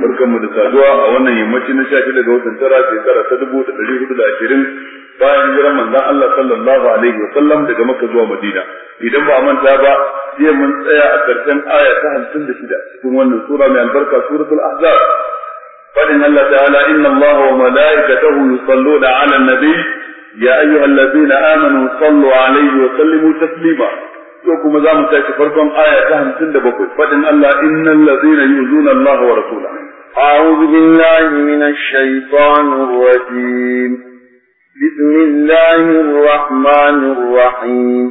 barkan mu da saduwa a wannan yammaci na shafi daga watan tara shekara ta dubu da ɗari hudu da ashirin bayan hijiran manzon Allah sallallahu alaihi wa sallam daga Makka zuwa Madina idan ba a manta ba sai mun tsaya a karshen aya ta hamsin da shida cikin wannan sura mai albarka suratul ahzab fadin Allah ta'ala inna Allah wa malaikatahu yusalluna 'alan nabiy ya ayyuhallazina amanu sallu 'alaihi wa sallimu taslima yau kuma za mu tashi farkon aya ta hamsin da bakwai faɗin Allah innal ladzina yuzuna Allah wa rasula a'udhu billahi minash shaitanir rajim bismillahir rahmanir rahim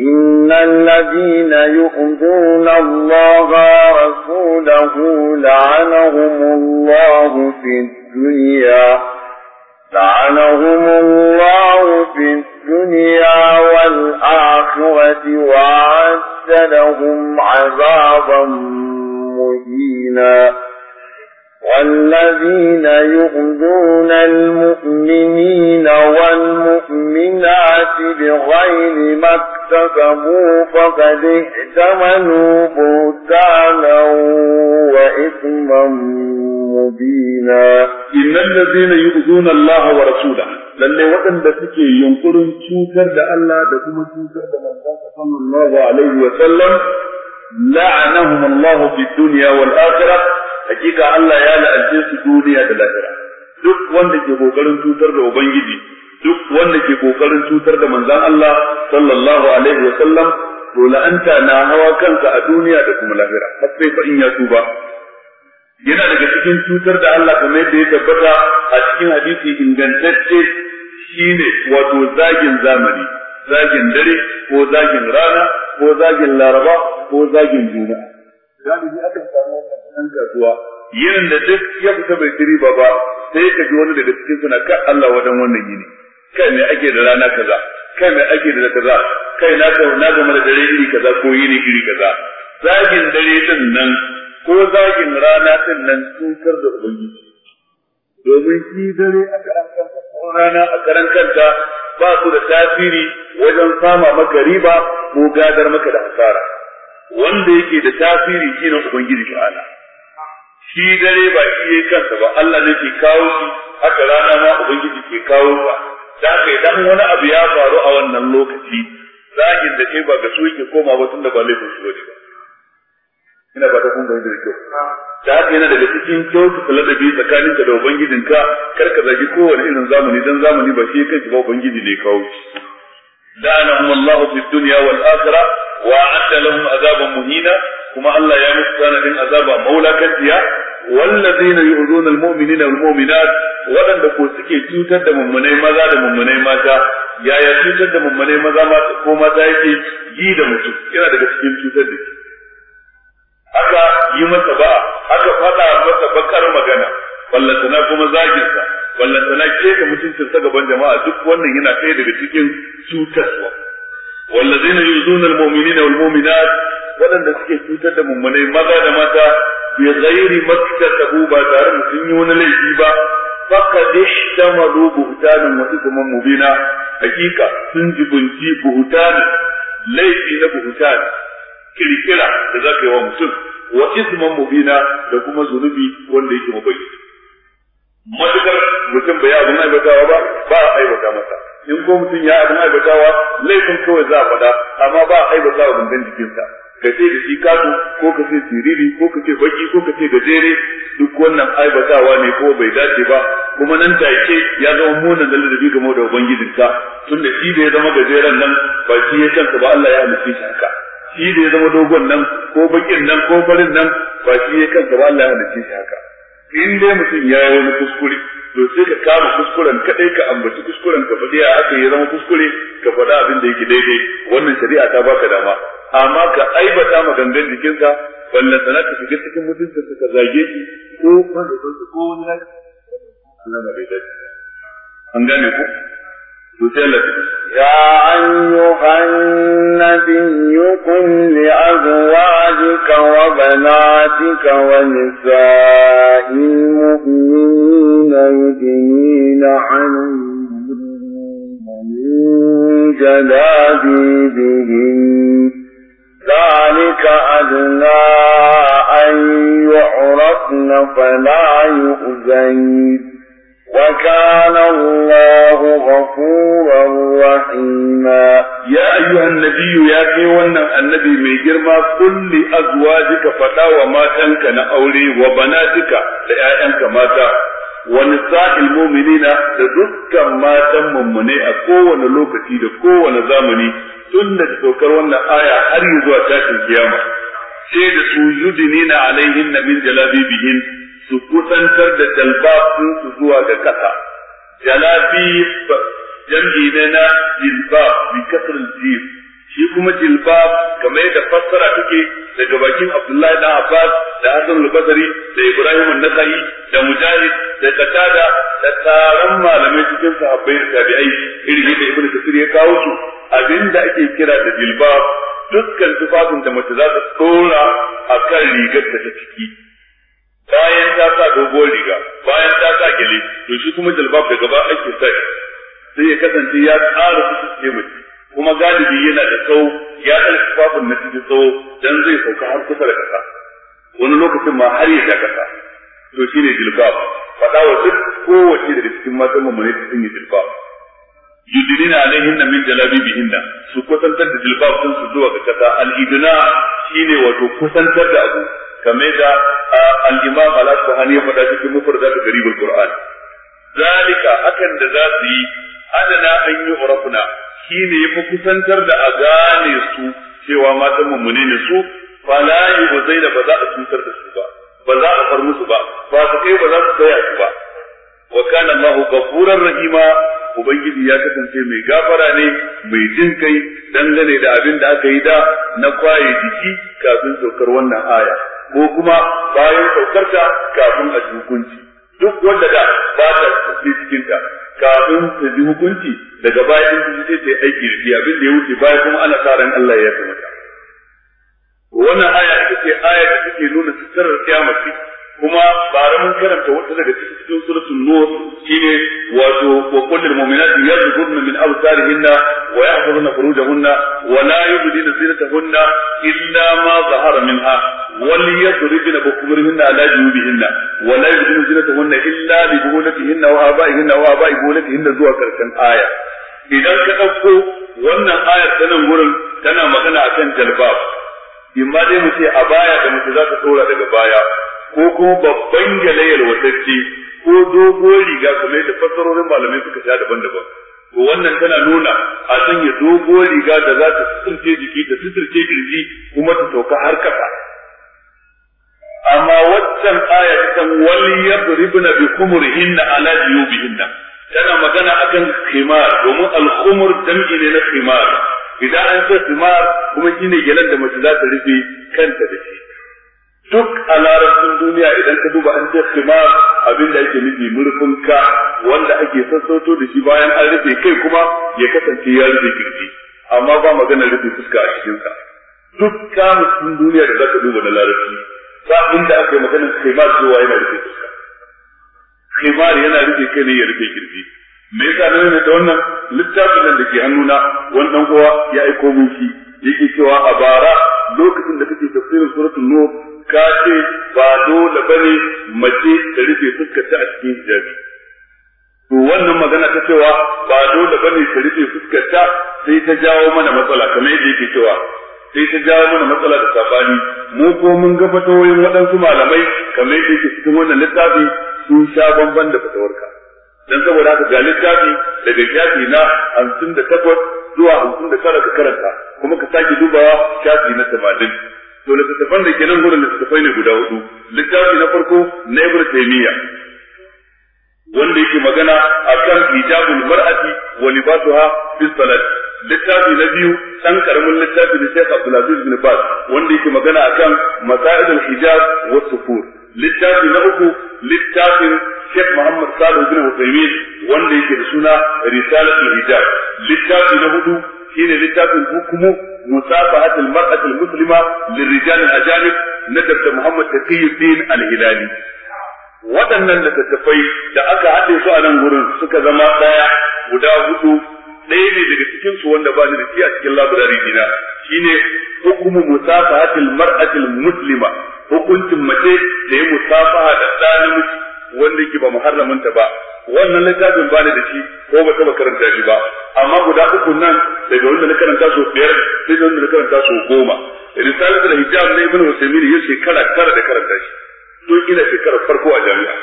إن الذين يؤذون الله ورسوله لعنهم الله في الدنيا لعنهم الله في الدنيا الدنيا والآخرة وعد لهم عذابا مهينا والذين يؤذون المؤمنين والمؤمنات بغير ما اكتسبوا فقد احتملوا بهتانا وإثما مبينا إن الذين يؤذون الله ورسوله lalle waɗanda suke yunkurin cutar da Allah da kuma cutar da manzansa sallallahu alaihi wa sallam la'anahum Allah fi dunya wal akhirah hakika Allah ya la'ance su duniya da lahira duk wanda ke kokarin cutar da ubangiji duk wanda ke kokarin cutar da manzan Allah sallallahu alaihi wa sallam to la'anta na hawa kanka a duniya da kuma lahira har sai fa in ya tuba yana daga cikin cutar da Allah kamar yadda ya tabbata a cikin hadisi ingantacce shine wato zagin zamani zagin dare ko zagin rana ko zagin laraba ko zagin juna galibi aka samu wannan kasuwa yin da duk ya fita bai tiri riba ba sai ka ji wani daga cikin suna ka Allah wajen wannan yini kai me ake da rana kaza kai me ake da kaza kai na ga na ga da dare iri kaza ko yini iri kaza zagin dare din nan ko zagin rana din nan kar da ubangiji domin shi dare aka an kanta rana a karan kanta ba su da tasiri wajen sama maka riba ko gadar maka da asara wanda yake da tasiri shine ubangiji ala shi dare ba shi yake kansa ba Allah ne ke kawo shi haka rana ma ubangiji ke kawo ka da kai dan wani abu ya faru a wannan lokaci zagin da kai ba ga su yake koma ba tunda ba laifin su ba ina ba ta kun da kyau ta haka yana daga cikin kyautu kula da biyu tsakanin ka da ubangijin ka karka zagi kowane irin zamani don zamani ba shi kai ba ubangiji ne kawo shi da na Allah fi dunya wal akhirah wa a'adda lahum azaban muhina kuma Allah ya musu sanadin azaba maulakantiya wallazina yu'zuna almu'minina wal mu'minat waɗanda ko suke cutar da mummunai maza da mummunai mata yaya cutar da mummunai maza ko mata yake yi da mutum yana daga cikin cutar da shi aka yi masa ba aka faɗa masa bakar magana wallatana kuma zaginsa wallatana keta sa gaban jama'a duk wannan yana ɗaya daga cikin cutarwa wallazina yuzuna almu'minina walmu'minat ولن suke cutar da mummunai maza da mata bi ghairi maktasabu ba tare da sun yi wani laifi ba faqad ihtamalu buhtanan wa ithman mubina hakika sun jibunci buhtan laifi na buhtan kirkira da za ka yi wa mutum wa isman mubina da kuma zunubi wanda yake mabayyana matukar mutum bai abin aibatawa ba ba a aibata masa in ko mutum ya abin aibatawa laifin kawai za a faɗa amma ba a wa gangan jikinsa ka ce da shi kasu ko ka ce siriri ko ka ce baki ko ka ce gajere duk wannan aibatawa ne ko bai dace ba kuma nan take ya zama munan da ladabi game da ubangijinka tunda shi da ya zama gajeren nan ba shi ya kansa ba Allah ya halicce shi haka shi da ya zama dogon nan ko bakin nan ko farin nan ba shi ya kansa ba Allah ya halice shi haka in dai mutum ya yi wani kuskure to sai ka kama kuskuren kadai ka ambaci kuskuren ka faɗi aka ya zama kuskure ka faɗa abin da yake daidai wannan shari'a ta baka dama amma ka aibata magangan jikinsa ballan sana ka shiga cikin mutunta ka zage shi ko wanda ko wani Allah ba bai dace an gane ku يا أيها النبي قل لأزواجك وبناتك ونساء المؤمنين يدنين عليهم من جلابيبهم ذلك أدنى أن يعرفن فلا يؤذين وكان الله غفورا رحيما يا أيها النبي يا كيوانا النبي من جرما كل أزواجك فتا وما تنك نأولي وبناتك لآيانك ماتا ونساء المؤمنين تدكا ما تم مني أكوان لوكتي لكوان زامني تنة توكر وانا آية هريزوا تاكي القيامة سيد سيدنين عليهن من جلابي بهن su kusantar da sun su zuwa ga kasa jalabi jambi ne na jilba bi kasar shi kuma jilbab kamar da fassara take daga bakin Abdullahi na Abbas da Hasan al-Basri da Ibrahim an da Mujahid da Qatada da taron malamai cikin sahabbai da tabi'ai irin yadda Ibn kasir ya kawo su abinda ake kira da jilba dukkan tufafin da mace za ta tsora kan rigar ta ciki bayan ta sa dogon riga bayan ta sa gele to shi kuma jalbab da gaba ake sa sai ya kasance ya tsara su ce mace kuma galibi yana da tsawo ya dan tufafin na cikin tsawo dan zai sauka har kusa da kasa wani lokacin ma har ya ja kasa to shine jilbab fada wa duk kowace da cikin matan mu ne sanya jilbab yudinina na min jalabibihinna su kusantar da jilbab sun su zuwa ga kasa al-idna shine wato kusantar da abu kamar da al-imam al ya faɗa cikin mufradat al qur'an zalika hakan da za su yi adana an yi urafuna shine yafi kusantar da a gane su cewa matan mummune ne su fala yuzai da ba za a cutar da su ba ba za a far musu ba ba su kai ba za su tsaya su ba wa kana Allahu ghafurar rahima ubangiji ya kasance mai gafara ne mai jin kai dangane da abin da aka yi da na kwaye jiki kafin saukar wannan aya ko kuma bayan ta kafin a ji hukunci duk wanda da ba ta cikin cikin ta kafin ta ji hukunci daga bayan sun ji sai aiki da biya abin da ya wuce bayan kuma ana sa ran Allah ya kuma ta wannan aya ita ce aya da take nuna sirrin kiyama kuma bare mun karanta wata daga cikin suratul nur shine wato wa kullul mu'minati yadhkurna min absarihinna wa yahfazna furujahunna wa la yubdina zinatahunna illa ma zahara minha wal yadribna bukumurihinna ala jubihinna wa la yubdina zinatahunna illa bi buhulatihinna wa abaihinna wa abai buhulatihinna zuwa karshen aya idan ka dauko wannan ayar ta nan gurin tana magana akan jalbab imma dai mu ce a baya da mace za ta tsora daga baya ko kuma babban galayyar wasacce ko dogon riga kamar yadda fassarorin malamai suka sha daban-daban Ko wannan tana nuna a sanya dogon riga da za ta suturce jiki da suturce kirji kuma ta sauka har kasa amma waccan aya ta wal yadribna bi khumurihinna ala jiyubihinna tana magana akan khimar domin al khumur ne na khimar idan an ce khimar kuma shine gelan da mace za ta rufe kanta da shi duk a larabcin duniya idan ka duba an ce khimar abin da ake nufi murfin ka wanda ake sassauto da shi bayan an rufe kai kuma ya kasance ya rufe kirji amma ba magana rufe fuska a cikin sa duk kamusin duniya da za ka duba na larabci ba da aka yi maganin khimar zuwa yana rufe fuska khimar yana rufe kai ne ya rufe kirji me yasa nan ne da wannan littafin nan da ke hannuna wannan kowa ya aiko mun shi yake cewa a bara lokacin da kake tafsirin suratul nur ka ce ba dole bane mace ta rufe fuskar ta a cikin hijabi to wannan magana ta cewa ba dole bane ta rufe fuskar ta sai ta jawo mana matsala kamar yadda yake cewa sai ta jawo mana matsala da sabani mu ko mun ga fatawoyin waɗansu malamai kamar yadda yake cikin wannan littafi sun sha bamban da fatawarka dan saboda haka ga littafi daga shafi na hamsin da takwas zuwa hamsin da tara ka karanta kuma ka sake dubawa shafi na tamanin to littattafan da ke nan gurin littattafai ne guda hudu littafi na farko na ibnu taimiya wanda yake magana akan hijabul mar'ati wa libasuha fi salati littafi na biyu dan karamin littafi da Sheikh Abdulaziz bin Baz wanda yake magana akan masailul hijab wa sufur littafi na uku littafin Sheikh Muhammad Salih bin Uthaymeen wanda yake da suna Risalatul Hijab littafi na hudu shine littafin hukumu musafahat al-mar'at al-muslima lirijal al-ajanib na Dr. Muhammad Taqiyuddin Al-Hilali waɗannan littattafai da aka haɗe su a nan gurin suka zama ɗaya guda hudu ɗaya ne daga cikin su wanda ba ni da shi a cikin labirari dina shine hukumu musafahatil mar'atil muslima hukuncin mace da ya musafaha da ɗa namiji wanda yake ba muharramanta ba wannan littafin ba ni da shi ko ba taɓa karanta shi ba amma guda uku nan daga wanda na karanta su biyar sai da wanda na karanta su goma risalatul hijab na ibnu usaymin ya kala tara da karanta shi to ina shekarar farko a jami'a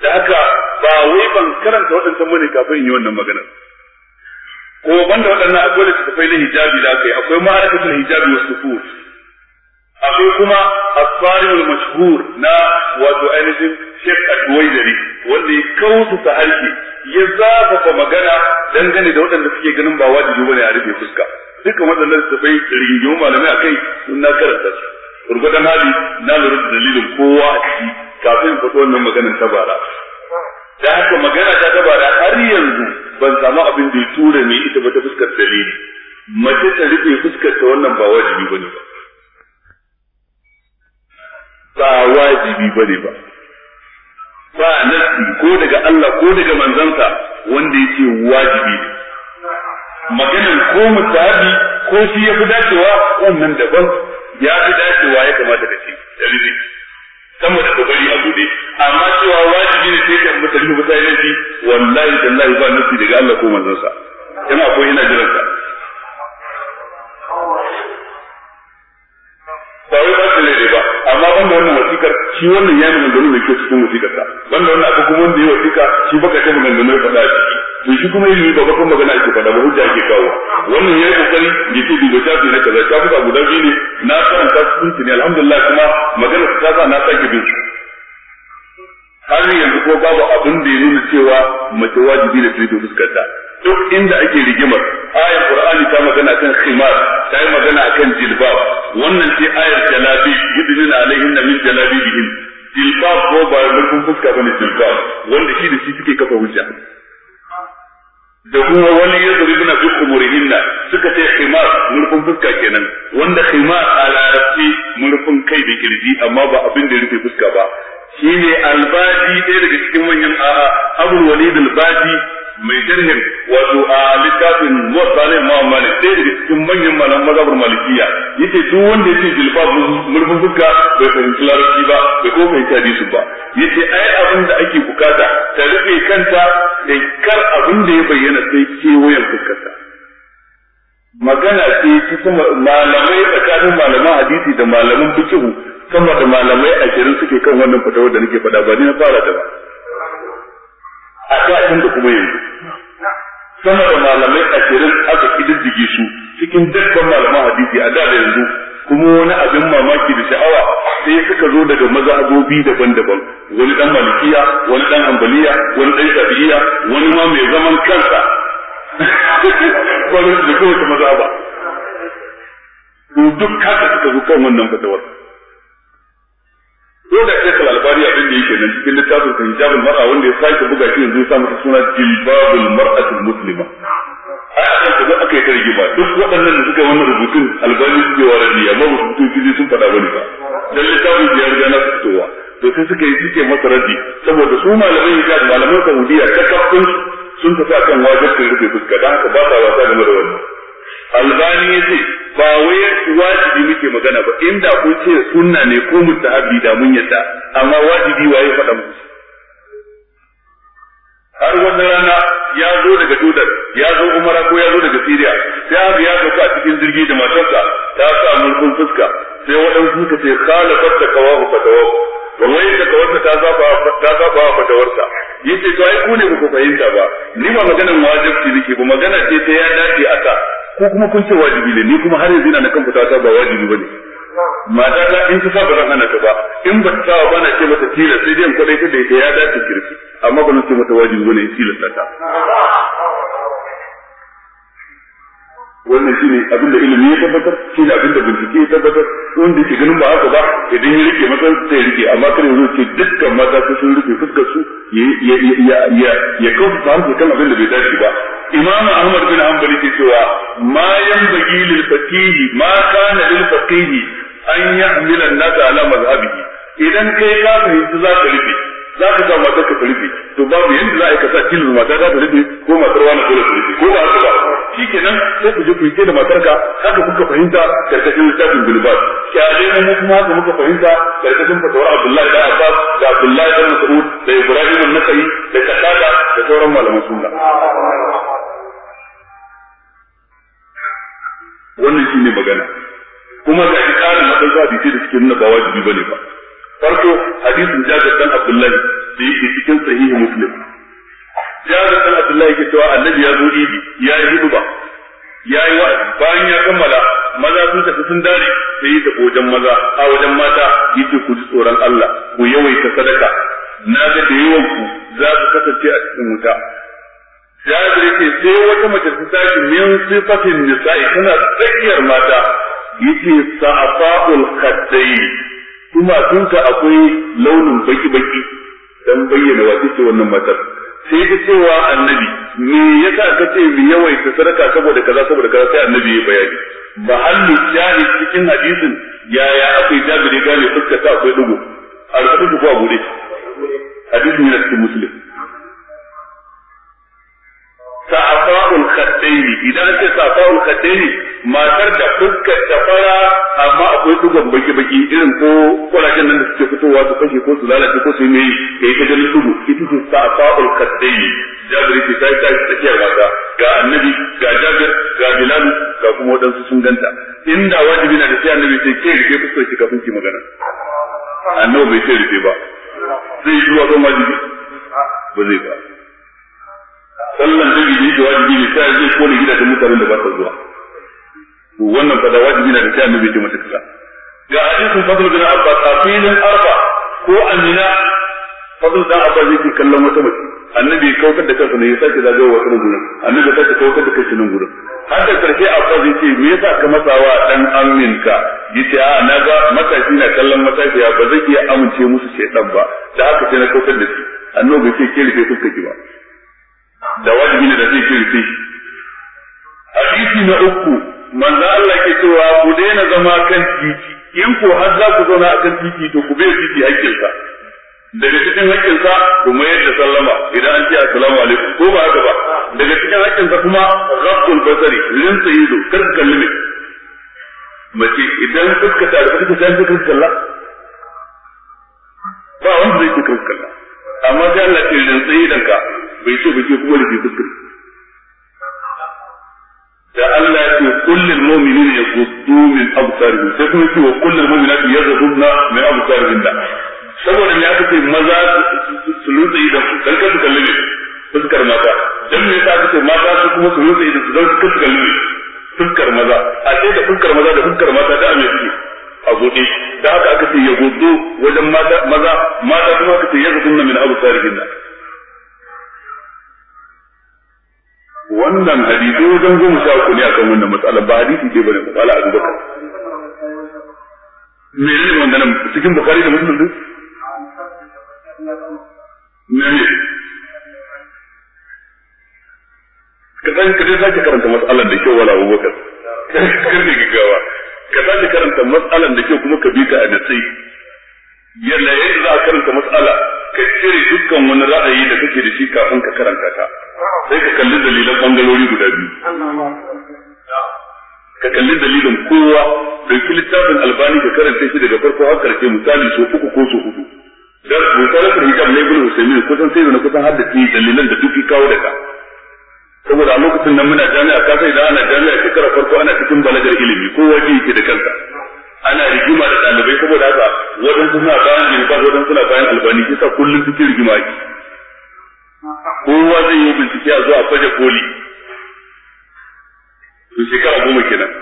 da haka ba wai ban karanta waɗancan mani kafin yi wannan magana ko da waɗannan akwai littattafai na hijabi da aka yi akwai ma'arakatul hijabi wa sufur akwai kuma asfarimul mashhur na wato ainihin adwai Adwaidari wanda ya kautu ta harshe ya zafafa magana dangane da waɗanda suke ganin ba wajibi bane a rufe fuska dukkan waɗannan littattafai rigingimu malamai akai sun na karanta su gurgudan hali na lura da dalilin kowa a ciki kafin in faɗi wannan maganar ta bara da haka magana ta ta bara har yanzu ban samu abin da ya tura mai ita ba ta fuskar dalili mace ta rufe fuskar ta wannan ba wajibi ba ne ba ba wajibi ba ne ba ba nasi ko daga Allah ko daga manzansa wanda yake wajibi ne maganar ko musabi ko shi ya fi dacewa wannan daban ya fi dacewa ya kamata da shi da saboda da bari a bude amma cewa wajibi ne sai ka mutane mutane shi wallahi tallahi ba nasi daga Allah ko manzon sa ina ko ina jiran ka ba wai ba ne ba amma ban da wannan wasikar shi wannan ya maganganu mai kyau cikin wasikar sa ban da wannan abu kuma wanda ya wasika shi baka ta maganganu mai faɗa ciki to shi kuma yi ba kuma magana ake faɗa ba hujja ake kawo wannan yayi kokari ya ce duba shafi na kaza ta fuka guda biyu ne na san ta sun ne alhamdulillah kuma magana ta sa na sake bin su har yanzu ko babu abin da ya nuna cewa mace wajibi da fito fuskar ta duk inda ake rigimar ayar qur'ani ta magana kan khimar ta yi magana kan jilbab wannan sai ayar jalabi yudnina alaihinna min jalabibihin jilbab ko ba rukun fuska bane jilbab wanda shi da shi suke kafa hujja da kuma wani ya zuri bina fi kumurihinna suka ce khimar murfin fuska kenan wanda khimar a larabci murfin kai da kirji amma ba abin da ya rufe fuska ba shine albadi ɗaya daga cikin manyan a'a abul walid albadi mai sharhin wato a littafin muwasalin muhammad sai da cikin manyan malan mazabar malikiya yace duk wanda yake jilfa murfin fuska bai fahimci larabci ba bai ko fahimci hadisi ba yace ai abin da ake bukata ta rufe kanta da kar abin da ya bayyana sai kewayen fuskarta magana ce ta malamai tsakanin malaman hadisi da malaman fikihu sama da malamai ashirin suke kan wannan fatawar da nake faɗa ba ni na fara ta ba a da kuma yanzu sama da malamai shirin aka kididdige su cikin dukkan malaman hadisi a da yanzu kuma wani abin mamaki da sha'awa sai suka zo daga mazhabobi daban-daban wani dan malikiya wani dan ambaliya wani dan shafi'iya wani ma mai zaman kansa wani da kowace mazhaba to duk haka suka zo kan wannan fatawar ko da kai kal albari abin da yake nan cikin littafin sun hijabul mar'a wanda ya sake buga shi yanzu ya sa masa suna jilbabul mar'atul muslima ai akan kaza aka yi ta rigima duk waɗannan da suka wannan rubutun albani suke wara ne amma rubutun shi sun faɗa bane ba dan littafin ya riga na fitowa to sai suka yi suke masa rabi saboda su malaman hijab malaman saudiya ta kafin sun tafi akan wajibin rufe fuska dan haka ba ta wasa game da wannan albani ya ce ba wai wajibi muke magana ba inda kun ce sunna ne ko mustahabi da mun yadda amma wajibi waye faɗa mu har wata rana ya zo daga dudar ya zo Umara ko ya zo daga Siriya sai abu ya zo a cikin jirgi da matarsa ta sa mulkin fuska sai waɗansu suka ce kala fatta kawahu fatawahu wallahi da kawarsa ta zaba ta zaba fatawarsa yace to ai ku ne ku fahimta ba ni ba maganar wajibi nake ba magana ce ta ya dace aka ko kuma kun ce wajibi ne ni kuma har yanzu ina na kan fita ta ba wajibi bane mata ta in ta ba zan hana ta ba in ba ta ba na ce mata tilas sai dai in kwadai ta da ya dace kirki amma ba na ce mata wajibi bane tilas ta wannan shi ne abin da ilimi ya tabbatar shi ne abin da bincike ya tabbatar wanda ke ganin ba haka ba idan ya rike masa sai ya rike amma kare yanzu ce dukkan mata sai sun rike fuskar su ya kawo su kawo ta hanzu kan abin da bai dace ba imamu ahmad bin hanbal ke cewa ma bagi lil faqihi ma kana lil faqihi an ya'mila an-nasa ala mazhabihi idan kai ka fahimci za ka rufe za ka sa matar ka ta rufe to babu yadda za a yi ka sa kilin mata za ta rufe ko matar wani dole ta rufe ko ba haka ba shi kenan sai ku je ku yi da matar ka haka kuka fahimta karkashin littafin bilbas kyale mu kuma haka muka fahimta karkashin fatawar abdullahi da abbas da abdullahi da mas'ud da ibrahim an-nakai da kasada da sauran malaman sunna wannan shi ne magana kuma ga ƙarin matsayin hadisi da suke nuna ba wajibi ne ba farko hadisin jabir dan abdullahi da yake cikin sahih muslim jabir dan abdullahi yake cewa annabi ya zo Ibi ya yi huduba ya yi wa bayan ya kammala maza sun tafi sun dare sai yi tafi wajen maza a wajen mata yake ku ji tsoron Allah ku yawaita sadaka na ga da yawan ku za ku kasance a cikin wuta jabir yake sai wata mace ta tashi min sifatin nisa'i tana tsakiyar mata yake sa'afa'ul khaddai tumatunta akwai launin baki-baki dan bayyana wace ce wannan matar sai ta cewa annabi me yasa ka ce mu yawaita sadaka saboda kaza saboda kaza sai annabi ya bayani mahallu jani cikin hadisin yaya akwai jabiri gane fuskar ta akwai dugo a rubutu ko gure hadisin yana cikin muslim sa'afa'ul khaddaini idan ka sa'afa'ul khaddaini matar da fuskar ta fara amma akwai dugon baki baki irin ko kwalashen nan da suke fitowa su kashe ko su lalace ko su yi mai yi ta ganin dugu ita ce fa'ul kaddai jabiri ce ta yi ta tsakiyar wata ga annabi ga jabir ga bilal ga kuma waɗansu sun ganta inda wajibi na da sai annabi sai ke rike fuskar ki kafin ki magana annabi bai ce rike ba zai yi zuwa kan wajibi ba zai ba sallan da yi da wajibi ne sai zai kone gidajen mutanen da ba ta zuwa wannan fa da wajibi ne da sai annabi ce mata ga hadisin fadl bin abbas a filin arba ko amina fadl dan abbas yake kallon wata mace annabi kaukar da kansa ne ya sake zage wa kan gurin annabi sake kaukar da kansa nan gurin har da karshe abbas yace me yasa ka wa dan aminka yace a na ga matashi na kallon matashiya ba zai iya amince musu dan ba da haka sai na kaukar da shi annabi bai ke rufe fuskar ki ba da wajibi ne da zai ke rufe shi hadisi na uku manzo Allah ke cewa ku daina zama kan titi in ko har za ku zauna kan titi to ku bai titi hakkinsa daga cikin hakkinsa ku mayar da sallama idan an ce assalamu alaikum ko ba haka ba daga cikin hakkinsa kuma rabbul basari rinsa yudo kar ka kalli mace idan suka tare suka san suka kalla ba wanda zai kuka kalla amma sai Allah ke rinsa idan ka bai so bai ke kuma da ke da Allah ya ce kullul mu'minina yaghuddu min absarihim sai kuma ce wa kullul mu'minati yaghudna min absarihim da saboda me aka ce maza su lutsa idan su dan su kalle ne fuskar mata dan me yasa aka ce mata su kuma su lutsa idan su dan kasu kalle fuskar maza a ce da fuskar maza da fuskar mata da me suke a buɗe da haka aka ce gudu wajen maza maza kuma aka ce yaghudna min absarihim wannan hadisi wajen zango sha shaku ne akan wannan matsala ba hadisi ce bane matsala a zuba menene ne wannan cikin bukhari da muslim din ne ka san ka dai karanta matsalar da kyau wala abubakar kar ne gaggawa ka sake karanta matsalar da kyau kuma ka kalli dalilin kowa dauki littafin albani ka karanta shi daga farko har karshe misali so uku ko so hudu dan misalin hijab ne sai ne kusan sai ne kusan haddace dalilan da duk kawo daga saboda a lokacin nan muna jami'a ka sai da ana jami'a shekara farko ana cikin balagar ilimi kowa ji yake da kanka. ana rigima da ɗalibai saboda haka wajen suna bayan jirgin wajen suna bayan albani kisa kullum cikin rigima ake kowa zai yi bincike a zuwa faje koli su shekara goma kenan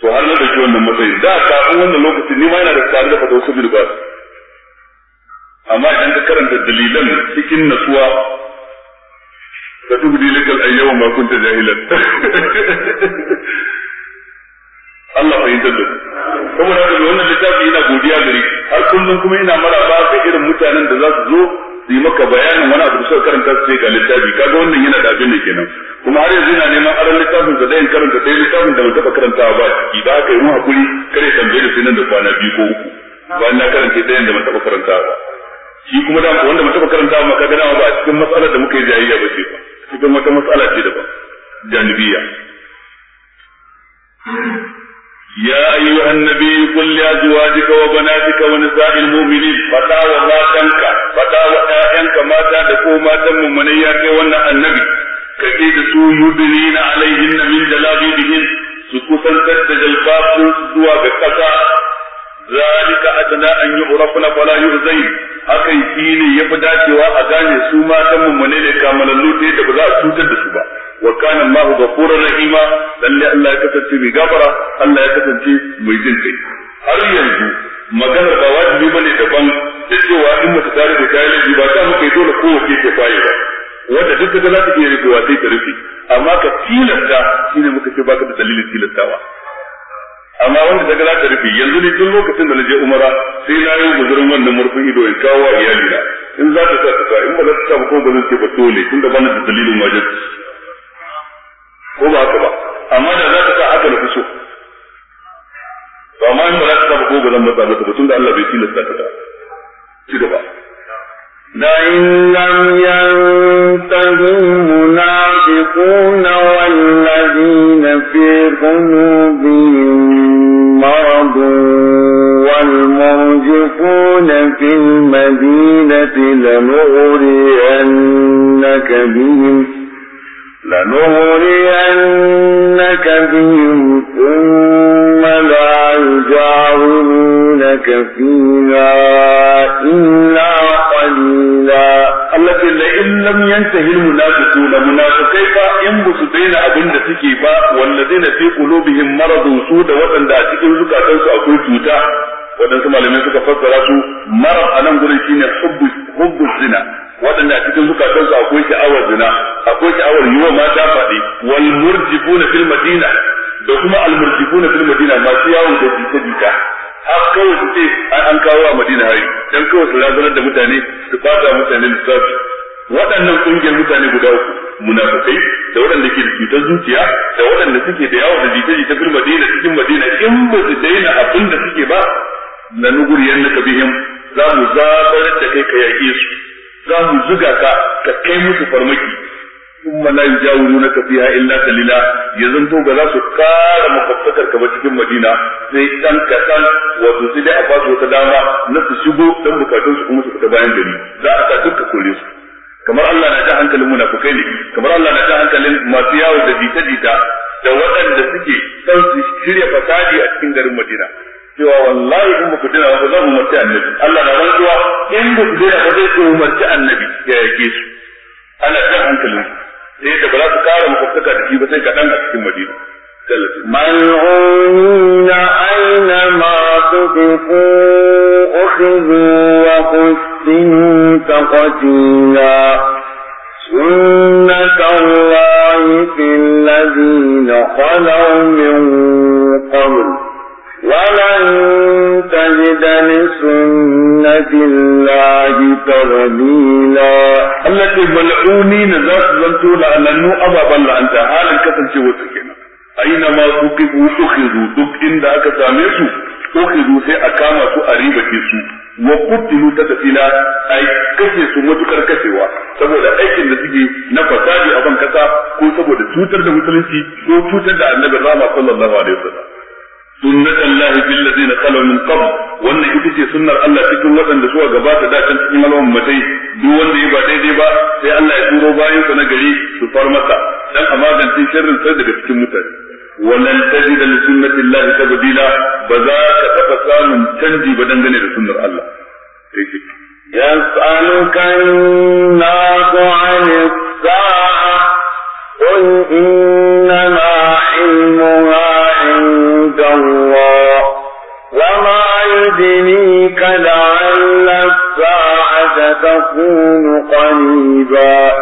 to har na shi wannan matsayi da kafin wannan lokaci ni ma yana da tsari da wasu bil ba amma idan ka karanta dalilan cikin natsuwa ka tubdi lakal ayyama ma kunta jahilan Allah fahimtar da saboda haka wannan littafi ina godiya gare har kullum kuma ina ba ga irin mutanen da za su zo su yi maka bayanin wani abu da suka karanta su ce ga littafi kaga wannan yana da abin da kenan kuma har yanzu yana neman aran littafin sa dayan karanta dayan littafin da ban taɓa karanta ba ki da aka yi mu hakuri kare tambaye da nan da kwana biyu ko uku ba na karanta dayan da ban taɓa karanta ba shi kuma da wanda ban taɓa karantawa ma kaga dama ba a cikin matsalar da muka yi jayayya ba ce ba cikin wata matsala ce daban janibiya يا أيها النبي قل لأزواجك وبناتك ونساء المؤمنين فتاوى ما تنكى فتاوى آيانك ما تدكو ما تم منياك وأن النبي كثير سو يدنين عليهن من جلابيبهن سكوسن تتجلباب سوى بكتا ذلك أدنى أن يعرفن فلا يؤذين hakan shi ne ya fi dacewa a gane su اللوتي تبدأ ne kamalallu wa kana Allahu ghafurur rahima lalle Allah ya kasance mai gafara Allah ya kasance mai jin kai har yanzu maganar ba wajibi bane daban da cewa in mace ta rufe ta yi ba ta muka yi dole kowace ke faye ba wanda duk da za ta iya rufewa sai ta rufe amma ka tilasta shine muka ce baka da dalilin tilastawa amma wanda daga za ta rufe yanzu ne tun lokacin da naje umara sai na yi guzurin wannan murfin ido in kawo wa iyalina in za ta sa ta sa in ba za ta sa ba kuma ba zan ce ba dole tun da na da dalilin wajen ko ba haka ba amma da za ka sa haka na so amma in ba za ka sa ba ko ba zan ba tun da Allah bai tilasta ka ba ci gaba da لئن لم ينتهوا المنافقون والذين fi قلوبهم مرض والمرجفون في المدينة لنغرينك بهم لنغرينك بهم ثم لا يجاورونك فيها إلا قليلا التي لئن لم ينتهي المنافقون منافقين فإن بسدين أبن سكيبا والذين في قلوبهم مرض سود وأن دا cikin zukatansu akwai cuta waɗansu malamai suka fassara su marar a nan gurin ne hubbu zina waɗanda a cikin zukatansu akwai sha'awar zina akwai sha'awar yiwa mata faɗi wal murjifuna fil madina da kuma al murjifuna fil madina masu yawon da jita jita har kawai su ce an kawo a madina hari dan kawai su razanar da mutane su fata mutane lissafi waɗannan ƙungiyar mutane guda uku munafikai da waɗanda ke da cutar zuciya da waɗanda suke da yawo da jita-jita fil madina cikin madina in ba su daina abin da suke ba na nuguriyar na kabihim za mu zabar da kai ka yaƙe su za mu zuga ka ka kai musu farmaki sun mana yi jawo na kafiya illa kalila ya zanto ba za su kara makwabtakar ka ba cikin madina sai ɗan kasan wato sai dai a ba su wata dama na su shigo don bukatunsu kuma su fita bayan gari za a sa duka kore su kamar Allah na ja hankalin munafukai ne kamar Allah na ja hankalin masu yawo da jita-jita da waɗanda suke son su shirya fasadi a cikin garin Madina cewa wallahi in ba ku dina ba zan umarci annabi Allah na rantsuwa in ba ku dina ba zai ku umarci annabi ya yake su ana jan hankali sai da ba za su kara makwabtaka da shi ba sai kaɗan a cikin madina ملعون أينما تقفوا أخذوا وقسموا تقتيلا سنة الله في الذين خلوا من قبل ولن تجد لسنة الله تبديلا التي ملعونين ذات زنتو لأننو أبا بل أنت حالا كسن شوى سكينة أينما سقفوا أخذوا دك إن دعك ساميسو أخذوا سي أكاما سو أريبا كيسو وقتلوا تدفلا أي كسيسو متكر كسيوا سبو دا أيكين نتيجي نفسادي أبن كسا كو سبو دا توتر دا مسلسي كو توتر دا النبي الرحمة صلى الله عليه وسلم sunnat Allah fil ladina qalu min qabl wannan ita ce sunnar Allah cikin waɗanda suka gabata da kan cikin malamin matai duk wanda ya ba daidai ba sai Allah ya turo bayan sa na gari su far masa dan a magance sharrin sai daga cikin mutane ولن تجد لسنة الله تبديلا بذاك تفسام تنجي بدنجن لسنة الله يسألك الناس عن الساعة قل إنما علمها الله يدريك لعل الساعة تكون قريبا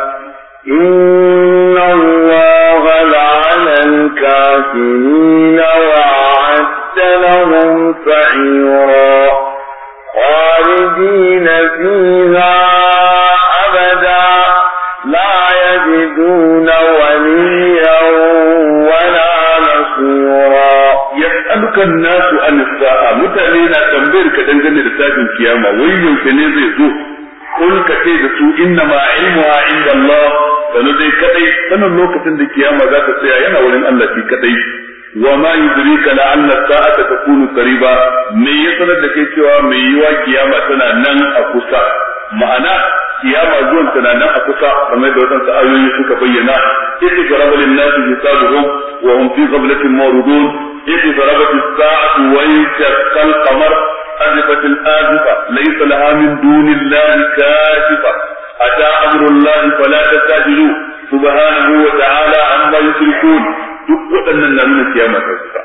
إن الله لعن الكافرين وأعد لهم خالدين فيها Kan nasu an sa'a mutane na tambayar ka dangane da tashin kiyama wai yaushe ne zai zo kun ka ce da su inna ma ilmuha inda Allah sanu dai kadai sanin lokacin da kiyama za ta tsaya yana wurin Allah shi kadai wa ma yudrika la'alla sa'ata takunu qariba me ya sanar da kai cewa mai yiwa kiyama tana nan a kusa ma'ana kiyama zuwan tana nan a kusa kamar da wadansu ayoyi suka bayyana idh qaraba nasu nasi hisabuhum wa hum fi ghaflatin yake zarabati sa'atu wa yakal qamar azifat al-azifa laysa laha min dunillahi kashifa ata amru llahi fala tastajilu subhanahu wa ta'ala amma yushrikun duk waɗannan na kiyama ta suka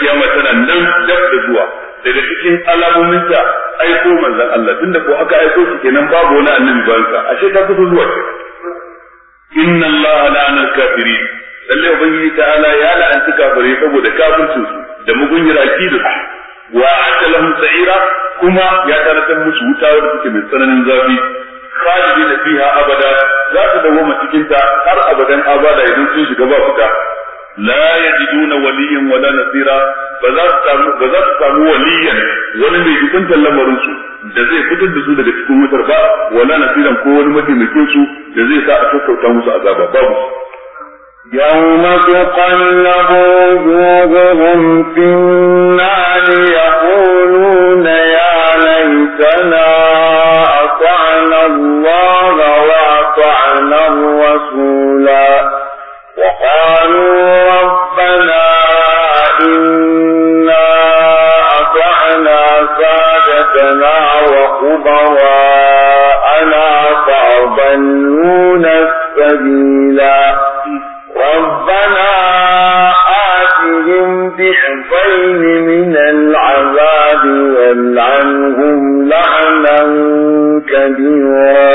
kiyama tana da zuwa daga cikin alamominta aiko manzon Allah tunda ko aka aiko shi kenan babu wani annabi bayan sa ashe ta fito zuwa inna allaha la'ana al-kafirin lalle ubangiji ta'ala ya la'anci kafirai saboda kafircin su da mugunyar akidu wa a'ta sa'ira kuma ya taratar musu wuta wanda suke mai tsananin zafi khalidin fiha abada za su dawoma cikin ta har abadan abada idan sun shiga ba fita la yajiduna waliyan wala nasira ba za su samu ba za su samu waliyan wani mai hukuntar lamarin su da zai fitar da su daga cikin wutar ba wala nasiran ko wani mataimakin su da zai sa a sassauta musu azaba babu يوم تقلب وجوههم في النار يقولون يا ليتنا أطعنا الله وأطعنا الرسولا وقالوا ربنا إنا أطعنا سادتنا وكبراءنا فأضلونا السبيلا ربنا آتهم ضعفين من العذاب والعنهم لعنا كبيرا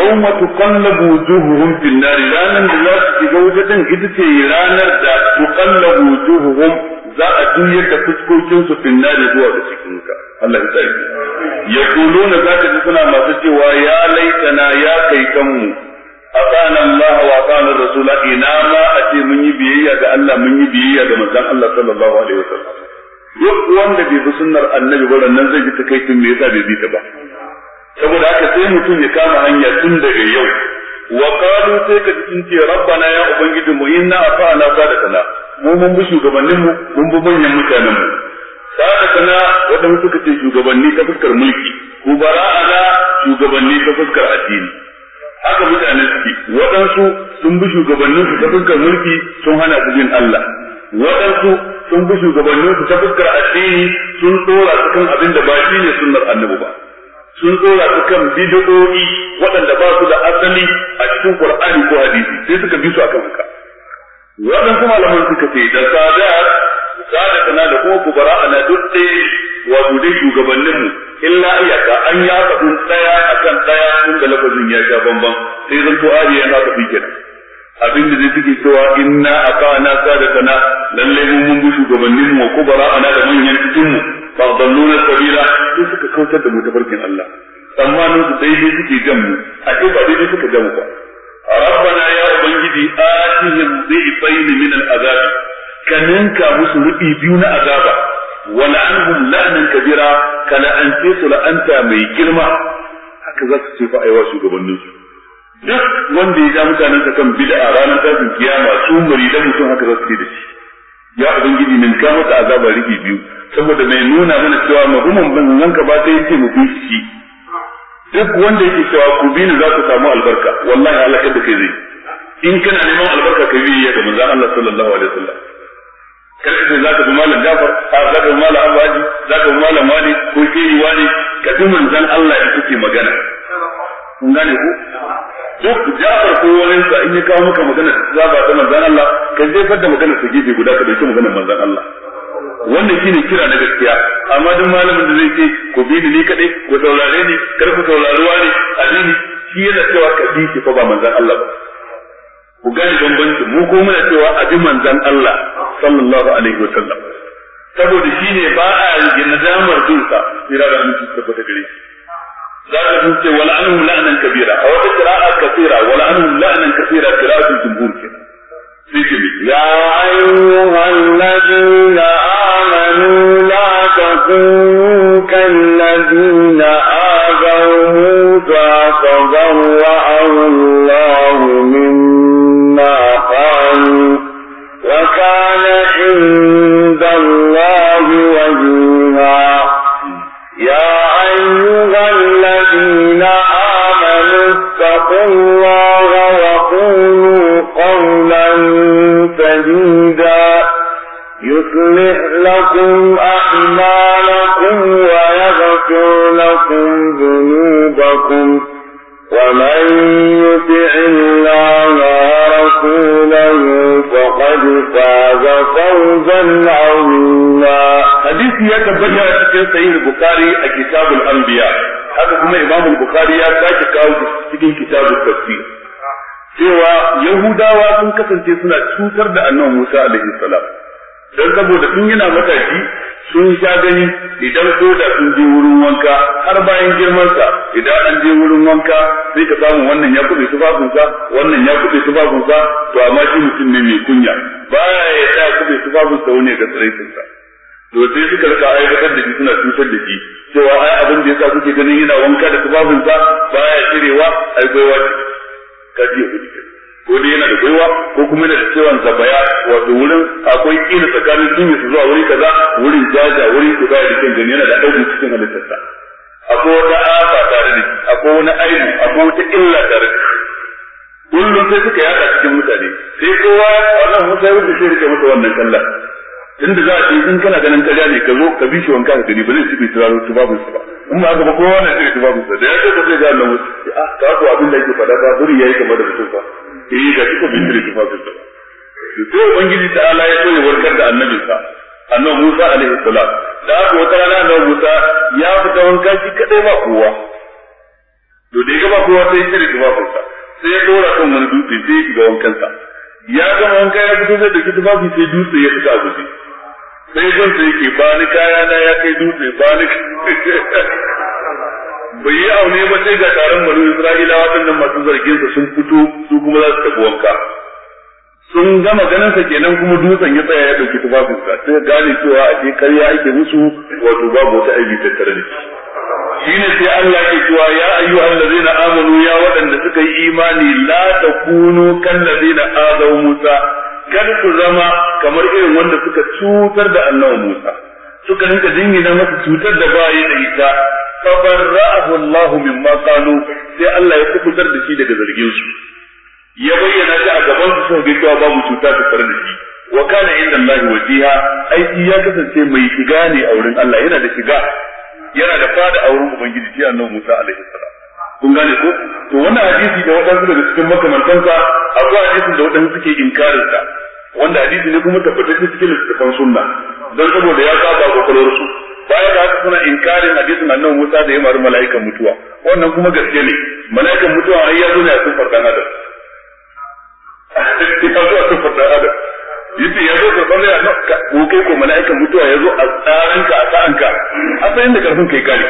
يوم تقلب وجوههم في النار رانا لذلك تجوزة إذ رانا تقلب وجوههم za a juyar da fuskokinsu finnari zuwa ga cikin Allah ya tsare ya za ta ji suna masu cewa ya laitana ya kai kanmu atana Allah wa atana Rasula ina ma a ce mun yi biyayya ga Allah mun yi biyayya ga manzon Allah sallallahu alaihi wasallam wanda bai bi sunnar annabi ba nan zai ji takaitun me yasa bai bi ta ba saboda haka sai mutum ya kama hanya tun daga yau wa qalu sai ka cikin ce rabbana ya ubangiji mu inna ata'ana sadatana mu mun bi shugabannin mu mun bi manyan mutanen mu sadatana wadanda suka ce shugabanni ta fuskar mulki kubara'ana shugabanni ta fuskar addini haka mutane suke waɗansu sun bi shugabannin su ta fuskar mulki sun hana su jin Allah waɗansu sun bi shugabannin su ta fuskar addini sun tsora su kan abin da ba shi ne sunnar annabi ba sun tsora su kan bid'o'i waɗanda ba su da asali a cikin Qur'ani ko hadisi sai suka bi su akan haka waɗansu malaman suka ce da sada kada kana da kuma kubara ana dutse wato dai shugabannin mu illa iyaka an ya faɗin daya akan daya tun da lafazin ya sha bamban sai zan to ariya na faɗi kenan abin da zai suke cewa inna aqana kana lalle mun mun bi shugabannin mu kubara ana da manyan cikin mu fa dalluna sabila su suka kautar da mu tafarkin Allah tsammanin su dai suke jan mu a ce ba dai suka jan mu ba rabbana ya ubangiji atihim dhifain min من العذاب ka ninka musu rubi biyu na azaba wala anhum la'nan kabira kana an ce su la'anta mai girma haka za su ce fa aiwa shugabannin su duk wanda ya ja mutanen sa kan bid'a ranar tashin kiyama su muridan mutum haka za su ce da shi ya ubangiji min ka masa azaba rubi biyu saboda mai nuna mana cewa mahimman ban nan ka ba ta yace mu bi shi duk wanda yake cewa ku biyu ni za ku samu albarka wallahi halakar da kai zai in kana neman albarka ka bi ya ga manzon Allah sallallahu alaihi wasallam kar ka za ka bi malam Jafar a za ka bi malam Abaji za ka bi malam Wani ko Shehi Wani ka bi manzon Allah ya kuke magana kun gane ku duk Jafar ko wani sa in ya kawo maka magana za ba ta manzon Allah ka je fadda magana su gefe guda ka dauki maganar manzon Allah wannan ne kira na gaskiya amma duk malamin da zai ce ku bi ni kadai ku saurare ni kar ku saurari wani ni shi yana cewa ka bi ki fa ba manzon Allah ba ku gane bambanci mu ko muna cewa a bi manzan Allah sallallahu alaihi wa wasallam saboda shine ba a yi nadamar dinsa ira da mutum tabbata gare shi za ka sun ce wala anhum la'nan kabira aw qira'a kathira wala anhum la'nan kathira qira'atu jumhur ke يا أيها الذين آمنوا لا تكونوا كالذين آذوا موسى فبرأه الله منه عند الله وجيها يا أيها الذين آمنوا اتقوا الله وقولوا قولا سديدا يصلح لكم أعمالكم ويغفر لكم ذنوبكم ومن يطع الله ورسوله فقد فاز فوزا عظيما حديث يا تبنى في صحيح البخاري كتاب الانبياء هذا كما امام البخاري يا ساكي كاو cikin كتاب التفسير cewa Yahudawa sun kasance suna cutar da annabi Musa alaihi salam don saboda in yana matashi sun sha gani idan ko da sun je wurin wanka har bayan girmansa idan an je wurin wanka sai ka samu wannan ya kuɗe tufafinsa wannan ya kuɗe tufafinsa to amma shi mutum ne mai kunya baya ya sa kuɗe tufafinsa wani ga tsaraitinsa to sai suka rika aikatar da shi suna cutar da shi cewa ai abin da yasa kuke ganin yana wanka da tufafinsa baya cirewa ai baiwa ji ya kuɗi ko dai yana da baiwa ko kuma yana da ciwon zabaya wato wurin akwai kila tsakanin duniya su zuwa wuri kaza wurin jaja wuri su baya da gani yana da aibin cikin halittarsa akwai wata afa tare da akwai wani aibu akwai wata illa tare da kullum sai suka yada cikin mutane sai kowa wannan mutane yau sai rike masa wannan sallah tunda za a ce in kana ganin karya ne ka zo ka bi shi wanka ka gani ba zai ci bai turaro su babu su ba in ba ba kowa na ce su babu su da ya ce ba zai ah, ga Allah musu a ta ku abin da yake faɗa ba buri yayi kamar da mutum ba eh ga duka bai cire tufafin sa sai ubangiji ta ala ya so ya warkar da annabinsa annabi Musa alaihi salam da aka wata rana annabi Musa ya fita wanka shi kadai ba kowa to da ya gaba kowa sai cire tufafin sa sai ya dora kan wani dutse sai ya shiga wankan sa ya gama wanka ya fito sai da tufafi sai dutse ya fita a guje sai zan sai ke ba ni kaya na ya kai dutse ba ni bai yi aune ba sai ga taron banu Isra'ila waɗannan masu zargin su sun fito su kuma za su tafi wanka sun gama ganin sa kenan kuma dutsen ya tsaya ya dauki tufafin sa sai gane cewa a ce karya ake musu wato babu wata aiki tattare da shine sai Allah ke cewa ya ayyuhal ladzina amanu ya waɗanda suka yi imani la takunu kan ladzina azaw Musa kar ku zama kamar irin wanda suka cutar da annabi Musa suka rinka jingina masa cutar da ba yi da ita ra'ahu Allah ma qalu sai Allah ya kubutar da shi daga zargin su ya bayyana shi a gaban su sai cewa babu cuta ta farin da shi wa kana inda Allah wajiha aiki ya kasance mai shiga ne a wurin Allah yana da shiga yana da fada a wurin ubangiji sai annabi Musa alaihi salam kun gane ko to wannan hadisi da wadansu daga cikin makamantansa akwai hadisin da wadansu suke inkarin sa wanda hadisi ne kuma tabbatacce cikin littattafan sunna dan saboda ya saba ga kwakwalwar su bayan da haka suna inkarin hadisin annabi Musa da ya mari mala'ikan mutuwa wannan kuma gaske ne mala'ikan mutuwa ai ya zo ne a cikin farkan adam ya zo a cikin farkan adam yace ya zo da da na ko kai ko mala'ikan mutuwa ya zo a tsarin ka a tsarin ka asalin da karfin kai kare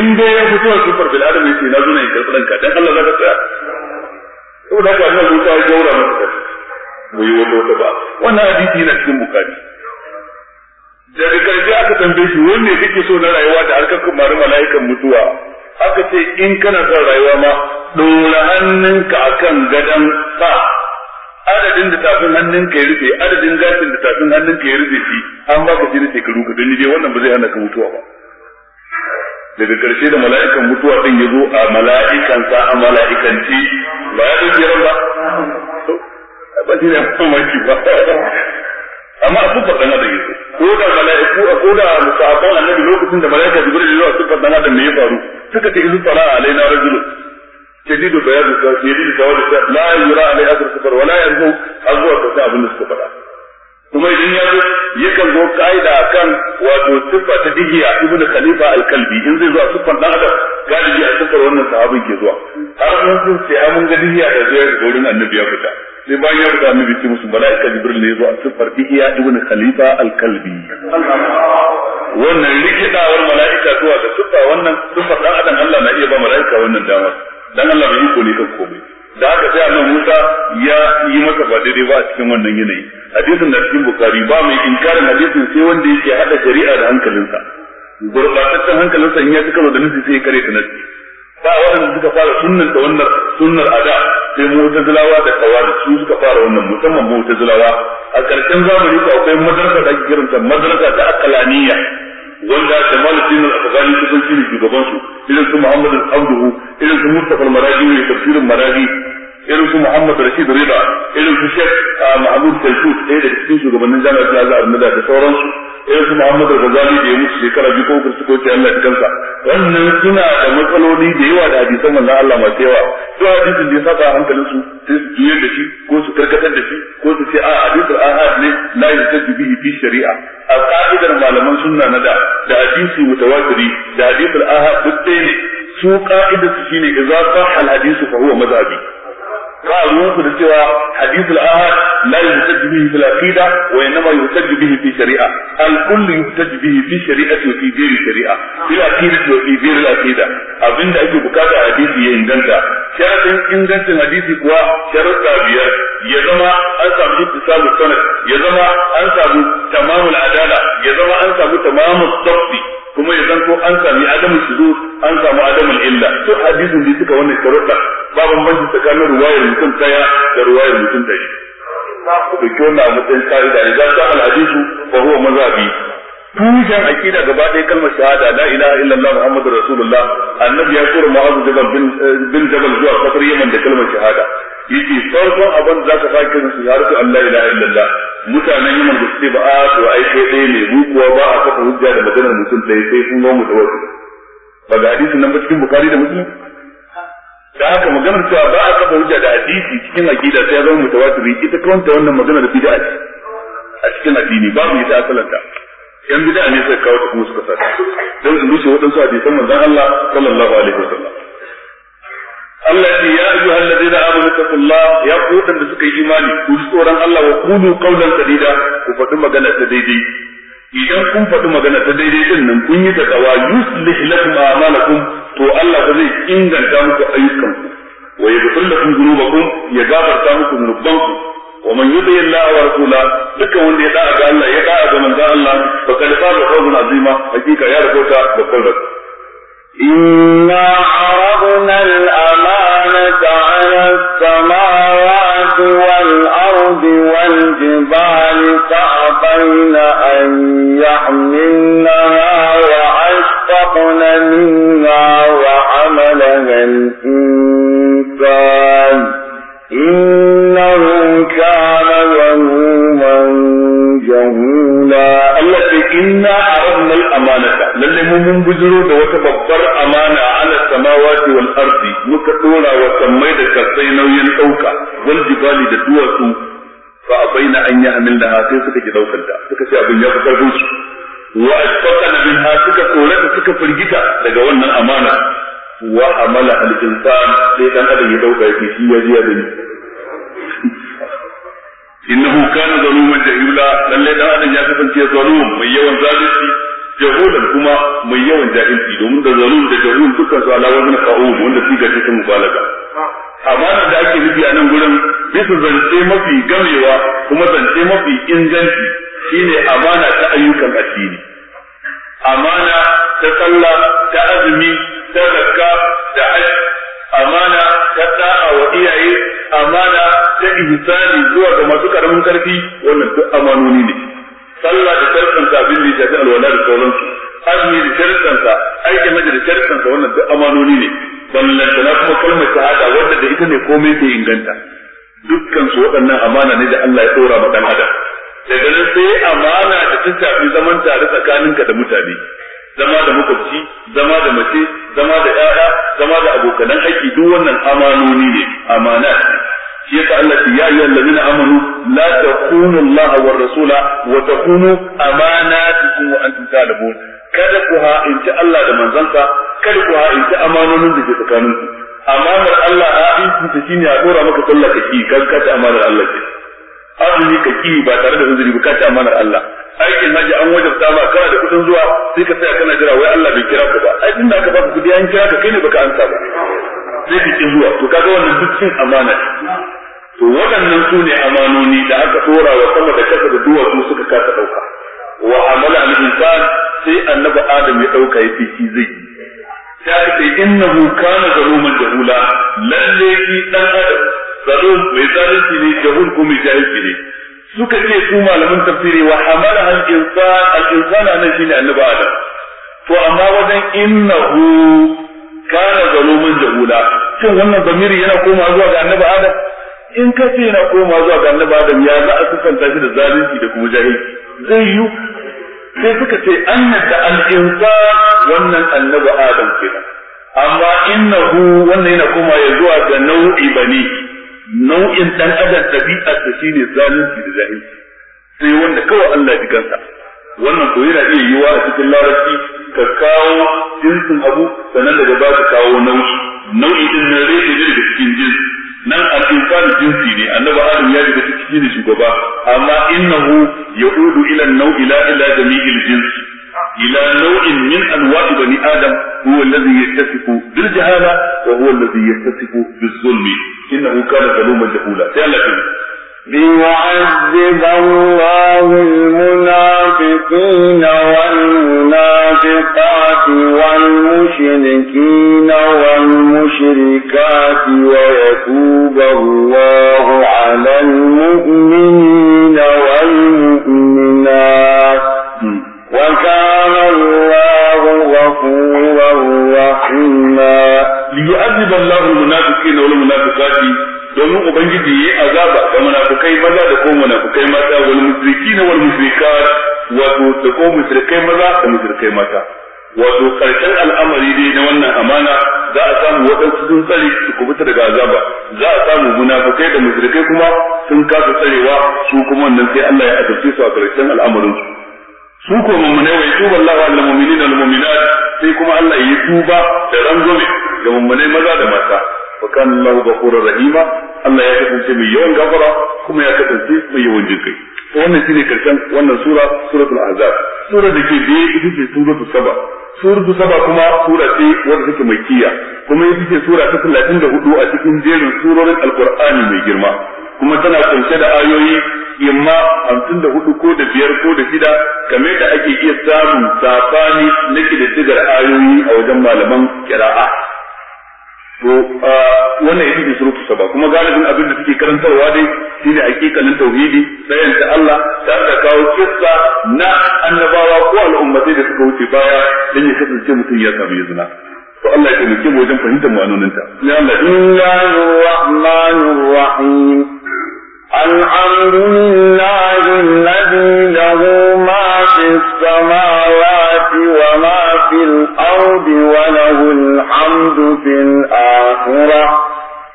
in dai ya fito a cikin farkan adam yace na zo ne karban ka dan Allah zaka tsaya saboda haka annabi Musa ya gaura masa bai yi wani wata ba wannan hadisi yana cikin bukari daga karshe aka tambaye shi wanne kake so na rayuwa da harkar kumari mala'ikan mutuwa aka ce in kana son rayuwa ma ɗora hannunka akan gadon sa adadin da tafin hannunka ya rufe adadin gashin da tafin hannunka ya rufe shi an ba ka shi da shekaru ka dani je wannan ba zai hana ka mutuwa ba daga karshe da mala'ikan mutuwa din ya zo a sa a ci ba ya ɗauke ran ba ba shi ne mamaki ba amma a siffar dan da yake ko da mala'iku a ko da musahaban annabi lokacin da mala'ika jibril ya zo a siffar dan da me ya faru suka ce izu fara alaina rajul shadidu bayad shadidu sawad la yura alai asr safar wala yanzu azwa ta abin da suka faɗa kuma idan ya zo yakan zo ka'ida akan wato siffa ta digiya ibnu khalifa al-kalbi in zai zo a siffar dan adam galibi a siffar wannan sahabin ke zuwa har mun sun sai mun ga digiya da zai ga gurin annabi ya fita sai bayan ya riga annabi ce musu mala'ika jibril ne yazo a sifar ihya ibn khalifa al-kalbi wannan rikidawar mala'ika zuwa ga siffa wannan siffar dan adam Allah na iya ba mala'ika wannan dama dan Allah bai iko ne kan komai da haka sai annabi Musa ya yi masa ba daidai ba a cikin wannan yanayi hadisin da cikin bukari ba mai inkarin hadisin sai wanda yake hada shari'a da hankalinsa gurbataccen hankalinsa in ya ci karo da nufi sai ya kare ta nasi ba waɗanda suka fara sunnan da wannan sunnar ada sai mu'tazilawa da kawari su suka fara wannan musamman mu'tazilawa a ƙarshen zamani ko akwai madrasa da ake kiranta madrasa ta akalaniya wanda Jamal Din al-Afghani kusan shi ne shugaban su irin su Muhammad abduhu irin su Mustafa al-Maradi ne tafsirin Maradi irin su Muhammad Rashid Rida irin su Sheikh ah, Mahmud Kalkut ɗaya daga cikin shugabannin jami'ar Plaza Ahmada da sauransu irin su Muhammad Ghazali da ya mutu shekara biyu ko kursu ko Allah ya kansa wannan suna da matsaloli da yawa da hadisan manzon Allah masu yawa Duk hadisin da ya saka hankalin su sai su juyar da shi ko su karkatar da shi ko su ce a hadisul ahad ne la yusabbi bihi fi shari'a a ka'idar malaman sunna na da da hadisi mutawatiri da hadisul ahad duk ɗaya ne su ka'idar su shine idza sahha al hadisu fa huwa mazhabi ba ruwan su da cewa hadithul ahad la yuhtaj bihi fil aqida wa innama yuhtaj bihi fi shari'a al kull yuhtaj bihi fi shari'ati wa fi ghairi shari'a fil aqidati wa fi ghairi al aqida abinda ake bukata hadisi ya inganta sharadin ingancin hadisi kuwa sharadda biyar ya zama an samu ittisalu sanad ya zama an samu tamamul adala ya zama an samu tamamul sabti kuma ya zanto an sami adamu shudu an samu adamun illa duk hadisin da suka wannan sharuɗa ba bambanci tsakanin ruwayar mutum daya da ruwayar mutum dari to ki wannan a matsayin ka'ida idan ka al ba huwa mazhabi tushen akida gaba ɗaya kalmar shahada la ilaha illallah muhammadur rasulullah annabi ya kura ma'azu jabal eh, bin jabal zuwa kafar yaman da kalmar shahada yace farkon abin da zaka sake su shahadatu an la ilaha illallah mutanen yaman da suke ba a to ai sai ɗaya ne mu kuwa ba a kafa hujja da maganar mutum ɗaya sai sun mu da wasu ba ga hadisin nan ba cikin bukari da muslim da haka maganar cewa ba a kafa hujja da hadisi cikin akida sai ya zama mutawatir ita kawanta wannan magana da bid'a a cikin addini babu ita asalanta yan bid'a ne suka kawo kuma suka sa dan in rushe wadansu hadisan manzon Allah sallallahu alaihi wasallam Allah ya ce ya ayyuhal ladina amanu taqullah ya ku da suka yi imani ku ji tsoron Allah wa qulu qawlan sadida ku faɗi magana ta daidai idan kun faɗi magana ta daidai din nan kun yi ta tsawa yuslih lakum a'malakum to Allah ba zai inganta muku ayyukanku wa yaghfir lakum dhunubakum ya gafarta muku dhunubanku wa man yuti Allah wa rasula duka wanda ya da'a ga Allah ya da'a ga manzon Allah fa kad a fawzan azima hakika ya rabota da kullu inna arabna al-amanata 'ala as-samawati wal-ardi wal-jibali ta'bayna an yahmilnaha wa ashfaqna minha wa 'amalaha al-insan كان ظلوما جهولا الله إنا عرضنا الأمانة للي من بجروا ده وتببر أمانة على السماوات والأرض مكتولا وسميد كالسين وينأوكا والجبال دواسو فأبين أن يحملنها تيسك جدوكا تكسي أبن يبقى الهوش وأشفقنا منها سكا كولك سكا فرجتا لقونا الأمانة وعملها الإنسان لأن أبن يدوكا يكي سيا زيادة innahu kana zaluman jahula lallai dan adam ya kasance zalum mai yawan zalunci jahulan kuma mai yawan jahilci domin da zalum da jahul dukkan su ala wazna fa'ul wanda su ga cikin mubalaga amana da ake nufi a nan gurin bisa zance mafi gamewa kuma zance mafi inganci shine amana ta ayyukan addini amana ta sallah ta azumi ta zakka da hajji amana ta da'a wa iyaye amana ta ihsani zuwa ga masu karamin karfi wannan duk amanoni ne sallah da sarkanta bin da ya shafi alwala da sauransu azmi da ta aiki na da ta wannan duk amanoni ne na kuma kalmar shahada wanda da ita ne komai ke inganta dukkan su waɗannan amana ne da Allah ya tsora ma dan adam da ganin sai amana da ta shafi zaman tare tsakaninka da mutane zama da makwabci zama da mace zama da ƴaƴa zama da abokanan aiki duk wannan amanoni ne amana shi yasa Allah ya ayyuhal ladina amanu la takunu Allah war rasula wa takunu amanatukum wa antum ta'lamun kada ku in ci Allah da manzansa kada ku in ha'inci amanonin da ke tsakaninku amanar Allah ha'inci ta shine a dora maka sallah kake kan kace amanar Allah ce azumi kake ba tare da uzuri ba kace amanar Allah aikin haji an wajen ma kana da kudin zuwa sai ka tsaya kana jira wai Allah bai kira ka ba ai tunda aka baka kudi an kira ka kai ne baka amsa ba sai ka ki zuwa to kaga wannan duk cin amana ne to waɗannan su ne amanoni da aka tsora wa sama da kasa da duwatsu suka kasa ɗauka wa amala al insan sai annabi adam ya dauka ya ce shi zai sai ce innahu kana zaluman jahula lalle ki dan adam zalum mai zalunci ne jahul kuma jahilci ne suka ce su malaman tafsiri wa hamala al insan al insan shi ne annabi adam to amma wajen innahu kana zalumin jahula shin wannan zamiri yana koma zuwa ga annabi adam in ka ce yana koma zuwa ga annabi adam ya za a sukanta shi da zalunci da kuma jahilci zai yi sai suka ce annada al insan wannan annabi adam kenan amma innahu wannan yana koma ya zuwa ga nau'i bani nau'in dan adam dabi'a ta shine zalunci da jahilci sai wanda kawai Allah ji kansa wannan ko yana iya yiwa a cikin larabci ka kawo jinsin abu sannan daga ba ka kawo nau'i nau'i din na rage ne daga cikin jins nan a cikin jinsi ne annabi adam ya daga cikin jini shugaba amma innahu yaudu ila nau'i la ila jami'il jinsi إلى نوع من أنواع بني آدم هو الذي يتصف بالجهالة وهو الذي يتصف بالظلم إنه كان ظلوما جهولا ليعذب الله المنافقين والمنافقات والمشركين والمشركات ويتوب الله على المؤمنين والمؤمنات وكان الله غفورا رحيما ليعذب الله المنافقين والمنافقات domin ubangiji yayi azaba ga munafikai maza da kuma munafikai mata wal mushrikin wal mushrikat wato da kuma mushrikai maza da mushrikai mata wato karshen al'amari dai na wannan amana za a samu waɗansu sun tsare su kubuta daga azaba za a samu munafikai da mushrikai kuma sun kasa tsarewa su kuma wannan sai Allah ya azabce su a karshen al'amarin su su ko mummunai wai tuba Allah wa lil mu'minina wal mu'minat sai kuma Allah ya tuba da rangume ga mummunai maza da mata wa kana ba ghafurur rahima Allah ya kasance mai yawan gafara kuma ya kasance mai yawan jinkai wannan shine karshen wannan sura suratul ahzab sura da ke biye ita ce suratul saba suratu saba kuma sura ce wanda take kiyya kuma ita ce sura ta 34 a cikin jerin surorin al'kur'ani mai girma kuma tana kunshe da ayoyi imma 54 ko da biyar ko da shida kame da ake iya samun safani na kididdigar ayoyi a wajen malaman kira'a to wannan ita ce surutu saba kuma galibin abin da suke karantarwa dai shine hakikalin tauhidi sayan ta Allah ta da kawo kissa na annabawa ko al'ummatai da suka wuce baya dan ya kasance mutum ya samu izina to Allah ya taimake mu wajen fahimtar ma'anoninta ya Allah inna rahmanir rahim الحمد لله الذي له ما في السماوات وما في الأرض وله الحمد في الآخرة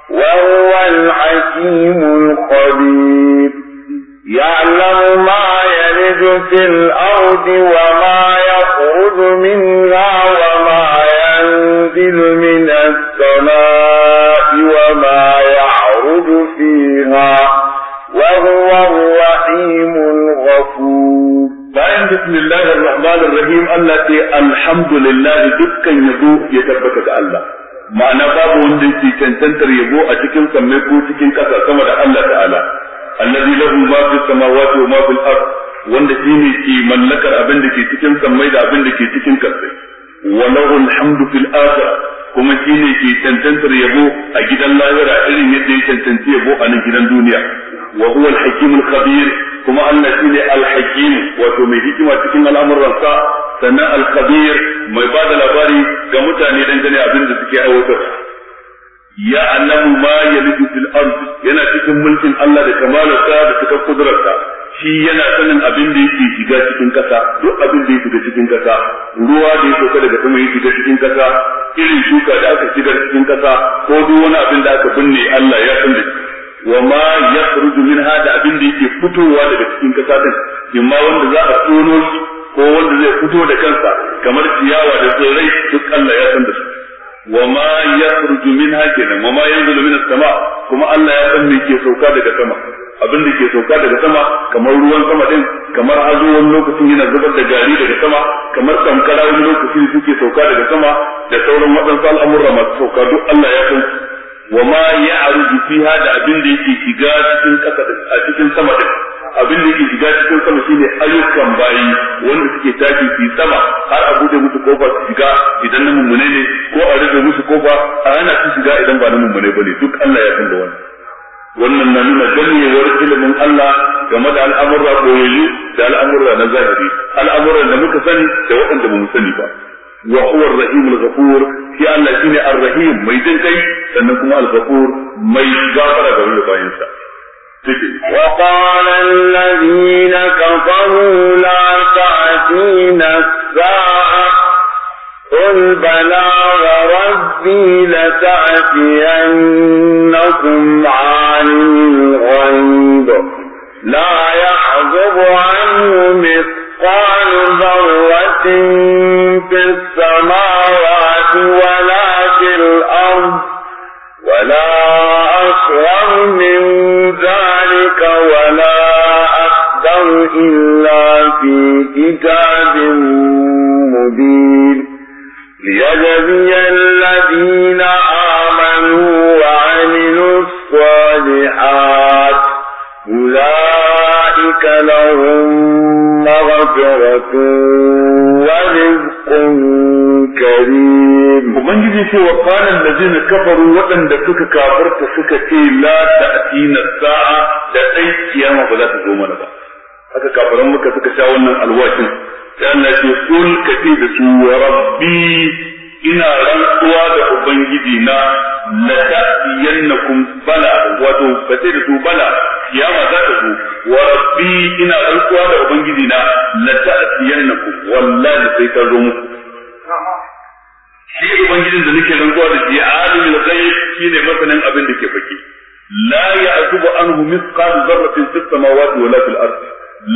وهو الحكيم الخبير يعلم ما يلد في الأرض وما يخرج منها وما ينزل من السماء وما يعرج فيها وهو الرحيم الغفور bayan bismillahir rahmanir rahim Allah ce alhamdulillah dukkan yabo ya tabbata ga Allah ma'ana babu wanda yake cancantar yabo a cikin sammai ko cikin ƙasa sama da Allah ta'ala allazi lahu ma fis samawati wa ma fil ke mallakar abin da ke cikin sammai da abin da ke cikin ƙasa wa lahu alhamdu fil akhirah kuma shine ke cancantar yabo a gidan lahira irin yadda ya cancanci yabo a nan gidan duniya wa huwa al kuma Allah shine al wato mai hikima cikin al'amuran sa sannan al-khabir mai bada labari ga mutane dangane abin da suke aiwatar ya annahu ma yalidu fil yana cikin mulkin Allah da kamalarsa da cikin kudurarsa shi yana sanin abin da yake shiga cikin kasa duk abin da ya shiga cikin kasa ruwa da ya sauka daga sama ya shiga cikin kasa irin shuka da aka shiga cikin kasa ko duk wani abin da aka binne Allah ya san da wa ma yakhruju min da abin da yake fitowa daga cikin kasa din imma wanda za a tono shi ko wanda zai fito da kansa kamar ciyawa da tsirrai duk Allah ya san da su wa ma yakhruju minha kenan wa ma yanzilu minas sama kuma Allah ya san me ke sauka daga sama abin da ke sauka daga sama kamar ruwan sama din kamar hazo wani lokacin yana zubar da gari daga sama kamar kankara wani lokacin suke sauka daga sama da sauran waɗansu al'amurra masu sauka duk Allah ya san su wa ma ya'ruju fiha da abin da yake shiga cikin kasa a cikin sama din abin da yake shiga cikin sama shine ayyukan bayi wanda suke tafi fi sama har a bude musu kofa su shiga idan na mummune ne ko a rage musu kofa a hana su shiga idan ba na mummune bane duk Allah ya san da wannan wannan na nuna ganewar ilimin Allah game da al'amurra koyayyu da al'amurra na zahiri al'amuran da muka sani da waɗanda ba mu sani ba وهو الرحيم الغفور يا الله شيء الرحيم ما يدين كي سنكم الغفور ما يجافر قبل القائم وقال الذين كفروا لا تأتين الساعة قل بلى وربي لتأتينكم عن الغيب لا يحجب عنه مثل مثقال ذرة في السماوات ولا في الأرض ولا أصغر من ذلك ولا أكبر إلا في كتاب مبين ليجزي الذين آمنوا وعملوا الصالحات أولئك أولئك لهم مغفرة ورزق كريم ومن جدي في وقال الذين كفروا وأن دفك كافرت سكتي لا تأتينا الساعة لأي قيامة فلا تزوم لها haka كافر أمك suka sha الواشن alwashin sai Allah ya ربي ina rantsuwa da ubangiji na la ta'tiyannakum bala wato kace da su bala kiyama za ta zo wa rabbi ina rantsuwa da ubangiji na na la ta'tiyannakum wallahi sai ta zo muku shi ubangijin da nake rantsuwa da shi alimul ghaib shine masanin abin da ke fake la ya'zubu anhu mithqal dharratin fis samawati wala fil ardi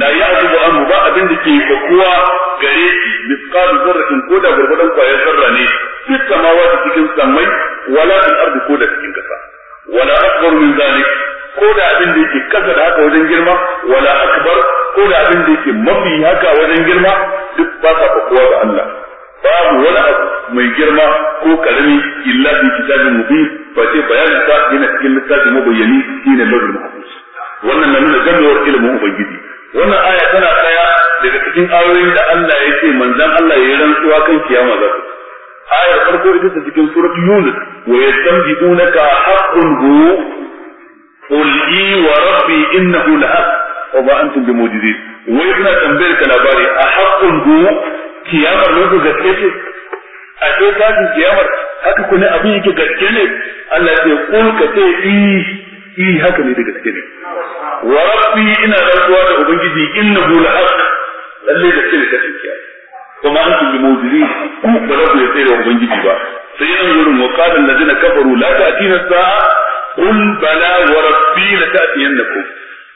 la ya'zubu anhu ba abin da ke fakuwa gare shi misqalu zarratin ko da gurgudan kwayar zarra ne fi samawati cikin samai wala fil ardi ko da cikin kasa wala akbar min zalik ko da abin da yake kasa da haka wajen girma wala akbar ko da abin da yake mafi haka wajen girma duk ba sa fakuwa ga Allah babu wani abu mai girma ko karami illa fi kitabin mubin ba ce bayanin ta yana cikin littafin mabayyani shine lawhul mahfuz wannan na nuna gamewar ilimin ubangiji wannan aya tana tsaya daga cikin ayoyin da Allah ya ce manzan Allah ya rantsuwa kan kiyama za ta ayar farko ita ta cikin surat yunus wa yastanbi'unaka haqqun hu qul i wa rabbi innahu haqq wa ma antum bimujizin wai suna tambayar ka labari a haqqun hu kiyama ne gaske ce a ce tashin Kiyama, haka kuma abin yake gaske ne Allah ya ce kul ka ce i i haka ne da gaske ne wa rabbi ina rantsuwa da ubangiji innahu la haqq lalle da ce ta tsinkiya kuma an kun bi mujiri ku ba za ku ya tsere ubangiji ba sai nan gurin wa qalan ladina kafaru la ta'tina sa'a qul bala wa rabbi la ta'tiyannakum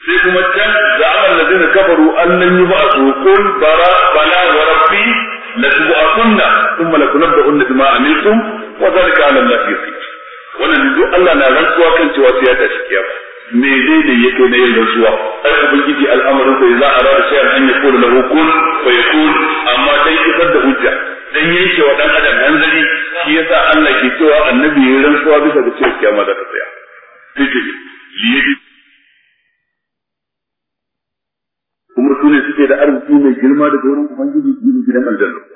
sai kuma can za'amal ladina kafaru an nan yi lan yub'athu qul bara bala wa rabbi la da thumma latunabbu'unna bima amiltum wa dhalika 'ala allahi yasir wannan duk Allah na rantsuwa kan cewa sai ya tashi kiyama me dai da yake na yin rantsuwa ai ubangiji al'amarin sai za a rada sai an yako da lahu kun fa yakun amma dai isar da hujja dan yanke wa dan adam hanzari shi yasa Allah ke cewa annabi ya rantsuwa bisa ga cewa kiyama za ta tsaya take kuma su ne suke da arziki mai girma daga wurin ubangiji gidan aljanna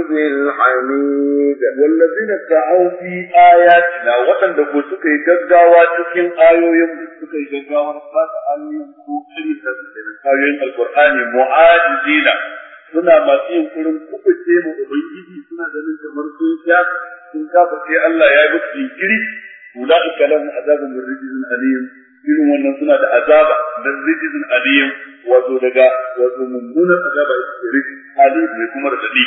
الغيظ الحميد والذين سعوا في آياتنا وطن دفو سكي جدعوا تكين آيوين سكي جدعوا نفات آيوين كوكري تسكين آيوين القرآن معاجزين suna masu yin kurin kubuce mu ubangiji suna ganin kamar sun sha kafa sai Allah ya yi musu jinkiri ulaika lahum azabun min rijzin alim irin wannan suna da azaba wato daga wato mummunan azaba ita ce rijz alim ne kuma da dalili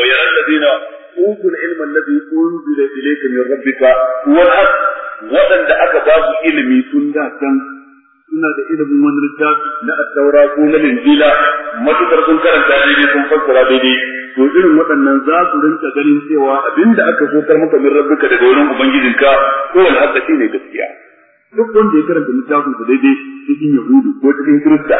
ويرى الذين أوتوا العلم الذي أنزل إليك من ربك هو الحق وأن دعك باب علمي سنة suna da ilimin wani littafi na attaura ko na linjila matukar sun karanta daidai sun fassara daidai to irin waɗannan za su rinka ganin cewa abinda aka sokar maka min rabbuka daga wurin ubangijinka ko alhaka shi ne gaskiya duk wanda ya karanta littafin sa daidai cikin yahudu ko cikin kirista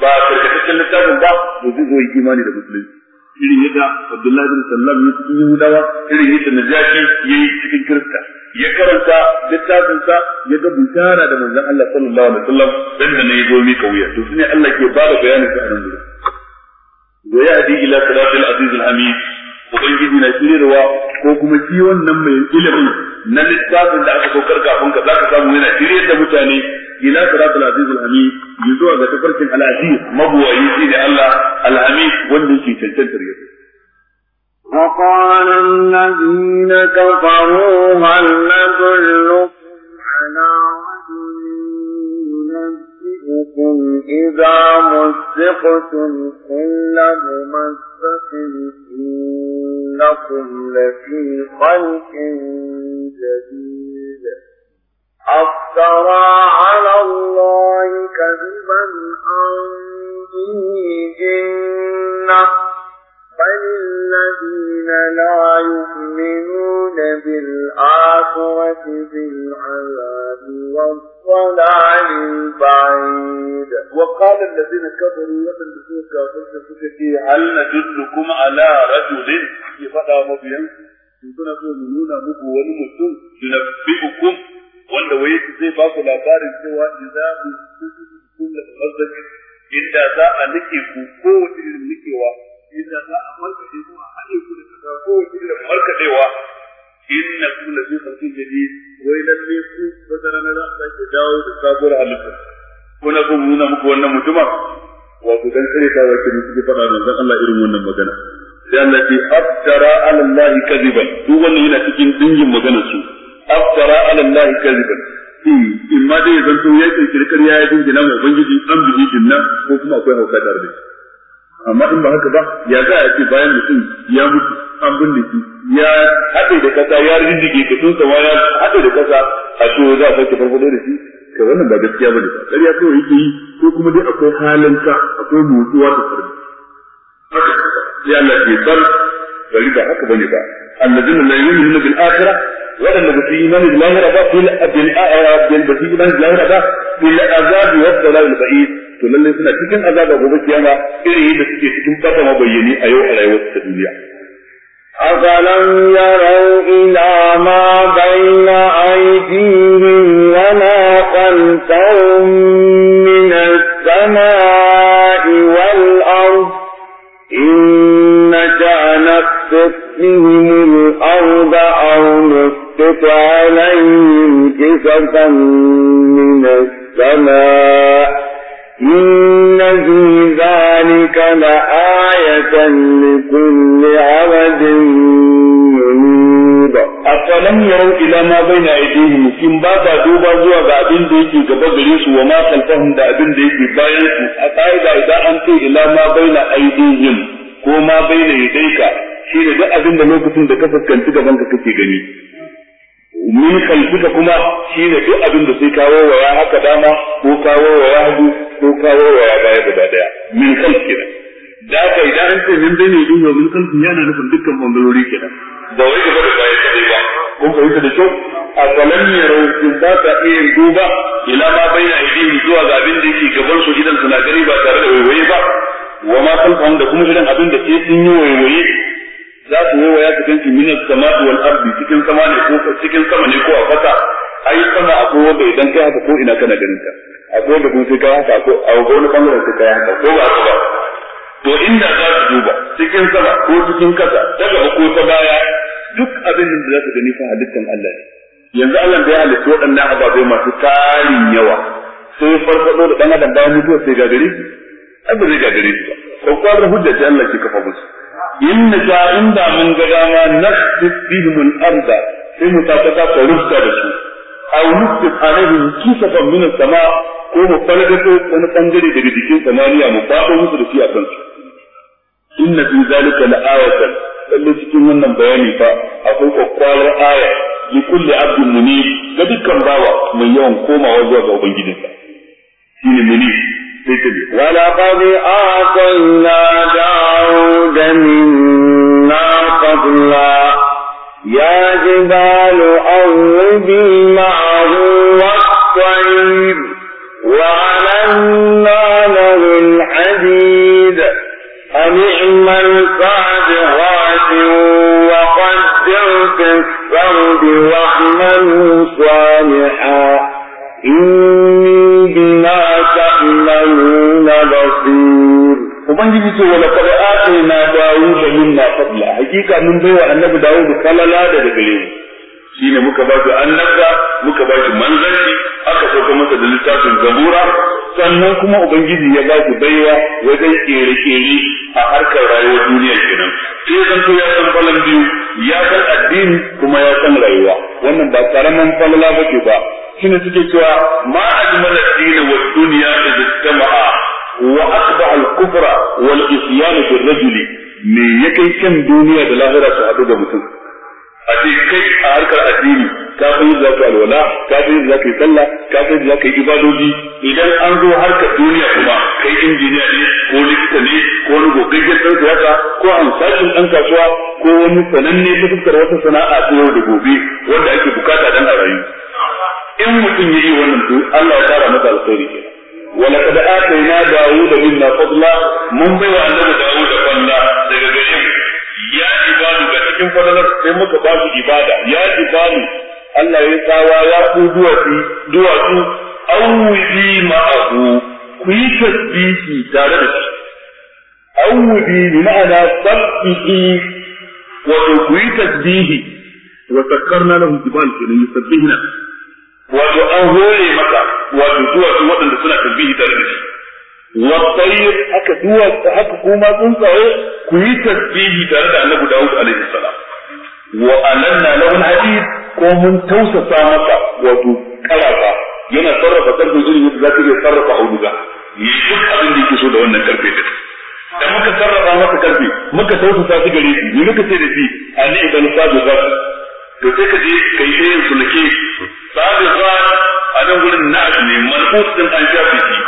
ba karkataccen littafin ba Ba zai zo yi imani da musulunci irin yadda Abdullahi bin Sallam ya cikin Yahudawa irin yadda Najashi ya yi cikin Kirista ya karanta littafin sa ya ga bishara da manzon Allah sallallahu alaihi wasallam dan da ne zo mi kauya to shine Allah ke ba da bayanin sa a nan gurin wa yahdi ila siratil aziz al hamid ubangiji na shirarwa ko kuma shi wannan mai ilimin na littafin da aka saukar kafin ka zaka samu yana shirye da mutane ila siratul aziz al-hamid zuwa ga tafarkin al-aziz mabuwayi shi da Allah al-hamid wanda yake cancantar yabo وقال الذين كفروا هل ندلكم على رجل ينبئكم إذا مزقتم كل ممزق إنكم لفي خلق جديد أفترى على الله كذبا عن به جنة بل الذين لا يؤمنون بالآخرة بالعذاب والضلال البعيد وقال الذين كفروا وطن بسوء كافر سكتي هل ندلكم على رجل يفتح مبين suna so mu nuna muku wani zai ba ku labarin cewa za idza kuntum kullu mazzaki inda za a nike ku kowace irin nikewa inda za a markaɗe ku a haɗe ku da kasa kowace irin markaɗewa inna kum la fi khalqin jadid wai lalle ku wata rana za a sake dawo da sabuwar halitta kuna kun nuna muku wannan mutuma Wa ku dan tsare ta wace ne suke faɗa zan Allah irin wannan magana sai Allah ya aftara ala Allah kadiban duk wannan yana cikin dingin maganar su ta da shi amma in ba haka ba ya za a ce bayan mutum ya mutu an binne shi ya haɗe da kasa ya rindige ka tun sama ya haɗe da kasa a so za a sake farfado da shi ka wannan ba gaskiya ne ba ƙarya kawai yake yi ko kuma dai akwai ka akwai motsuwa da farko sai Allah ke bar bari ba haka ne ba الذين لا يؤمنون بالآخرة ولم يكن إيمان بالآخرة بل إيمان آه، بالآخرة والضلال البعيد to lalle suna cikin azaba gobe kiyama irin yadda suke cikin fata mabayyani a yau a rayuwar ta duniya يروا إلى ما بين أيديهم وما خلفهم من السماء والأرض إن نشأ بِأَنفُسِهِمُ الأرض أو نُسْقِطْ عليهم كسفا من السماء إن في ذلك لآية لكل عبد منيب أفلم يروا إلى ما بين أيديهم كم بابا دوبا زوا بابين ديكي كبابريس وما خلفهم دابين ديكي بايرس أقايد إذا أنت إلى ما بين أيديهم وما بين يديك shi ne duk abin da lokacin da ka fuskanci gaban ka kake gani min khalfika kuma shi ne duk abin da sai kawo wa ya haka dama ko kawo wa ya hudu ko kawo wa ya baya guda daya min khalfika da ka idan an ce min bane duwa min khalfin yana nufin dukkan bangarori kenan da wai gaba da baya sai ba yi ta da kyau a kalan ya rauki ba ta iya duba ila ma bai na aidihim zuwa ga abin da yake gaban su idan suna gani ba tare da waiwaye ba wa ma kalfan da kuma idan abin da ke sun yi waiwaye za su wawa ya cikin shi minas samatu wal ardi cikin sama ne ko cikin sama ne ko a fata ai sama akwai wanda idan kai haka ko ina kana ganin ta akwai da kuma sai kai haka ko a wani bangaren sai kai haka ko ba ba to inda za su duba cikin sama ko cikin kasa Daga ko ta baya duk abin da za su gani fa halittan Allah ne yanzu Allah bai ya halitta waɗannan ababe masu tarin yawa sai farfado da ɗan adam bayan mutuwa sai gagare shi abin zai gagare shi ko kwakwar hujja ce Allah ke kafa musu in na sha in mun ga dama nasdif bihim al-ardh sai mu ta ta ko rufta da su aw nusdif kisa kisafan min sama ko mu farga ko wani bangare daga jikin samaniya mu fado musu da shi a kansu inna fi zalika la'ayatan lalle cikin wannan bayani fa akwai kwakwalar aya li kulli abdin munib ga dukkan bawa mai yawan komawa zuwa ga ubangijinsa shine munib ولقد آتينا داود منا قبلا يا جبال أوبي معه والطير وعلمنا له الحديد أن اعمل صادقات وقدر في السرد واعملوا صالحا Ubangiji ce wa basir ubangiji ce wala na atayna da minna fadla hakika mun wa annabi dawud kalala daga gare mu shine muka ba shi annabta muka ba shi manzanci aka sauka masa da littafin zabura sannan kuma ubangiji ya ba shi baiwa wajen kere-kere a harkar rayuwar duniya kenan sai zan ya san falon biyu ya san addini kuma ya san rayuwa wannan ba karaman falala ba ke ba shine suke cewa ma ajmal ad-din wa dunya ijtama'a wa akba al-kufra wal isyan fi rajuli me yake kan duniya da lahira su haɗu da mutum a ce kai a harkar addini ka san yadda zaka alwala ka san yadda zaka yi sallah ka san yadda zaka yi ibadoji idan an zo harkar duniya kuma kai injiniya ne ko likita ne ko wani gogaggen dan siyasa ko an sashin dan kasuwa ko wani sananne ta fuskar wata sana'a ta yau da gobe wanda ake bukata dan a rayu in mutum ya yi wannan to Allah ya fara masa alkhairi kenan ولقد آتينا داوود منا فضلا من بيع أنه jibalu ga cikin fadalar sai muka ba su ibada ya jibalu Allah ya tsawa ya ku duwatsu duwatsu awudi ma'ahu ku yi tasbihi tare da shi awudi ma'ana sabbihi wa ku yi tasbihi wa sakkarna lahu jibal kenan yusabbihuna wato an hore maka wato duwatsu waɗanda suna tasbihi tare da shi والطير haka duwa haka kuma tsuntsaye ku yi tasbihi tare da Annabi Dawud alaihi salam wa alanna lahu alhadid ko mun tausasa masa wato karafa yana sarrafa karfin irin da zaka iya sarrafa auduga yi duk abin da yake so da wannan karfe din da muka sarrafa masa karfe muka tausasa shi gare shi muka ce da shi ali ibn sabu to sai ka je kai yin sulke sabiqat a nan gurin na ne mal'ut din an shafi shi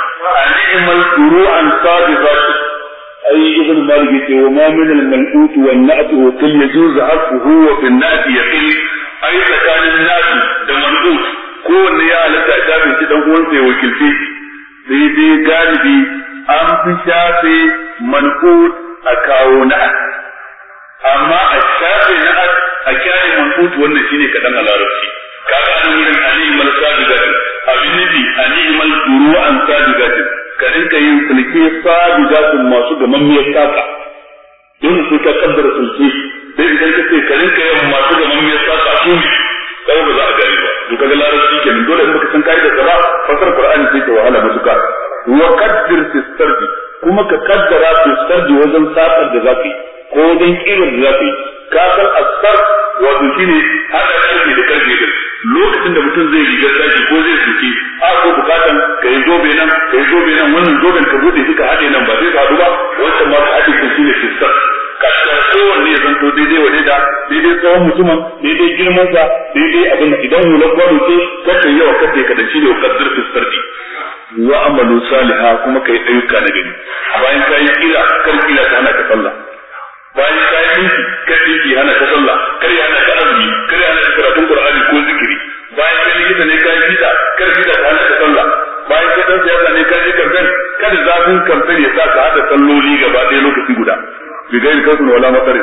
ni'mal duru'an sabiqat ai ibn malik yace wa ma min al-mal'ut wa an-na'at wa kull yajuz afuhu wa fi an-na'at ai tsakanin na'at da mal'ut kowanne ya halatta shafin shi dan uwansa ya wakilce sai dai galibi an fi shafe a kawo amma a shafe a wannan shine kaɗan a kaga an wurin aliman sabigatin abin nufi aliman ruwan sabigatin ka rinka yin sulke sabigatin masu gamammiyar saka don su ka kaddara sulke dai idan ka ce ka rinka yin masu gamammiyar saka su ne kawai ba za a gani ba to kaga larabci kenan dole in baka san kaidar da ba fasar qur'ani sai ta wahala matuka wa qaddir fi sardi kuma ka kaddara fi sardi wajen sakar da zaka yi ko wajen kiran da zaka yi ka san asar wato shine hada karfi da karfi din lokacin da mutum zai rigar daki ko zai suke a ko bukatan ka yi zobe nan ka yi zobe nan wannan zoben ka bude suka haɗe nan ba zai haɗu ba wancan ma ka haɗe shi shine fiskar kasar kowanne ya zanto daidai wa daida daidai tsawon mutumin daidai girmansa daidai abin da idan hular gwaro ce kakan yawa kace ka dace da kaddar fiskarti wa amalu salihah kuma kai ayyuka na gari bayan ka yi kira kar kira ta hana ka sallah bayan ka yi dinki kar dinki hana ka sallah kar ya hana ka azumi kar ya hana ka karatun qur'ani ko zikiri bayan kai likita ne kai fita kar fita ta hana sallah bayan kai dan siyasa ne kai kamfen kada zafin kamfen ya sa ka hada salloli gaba ɗaya lokaci guda bi gairi kasun wala matsari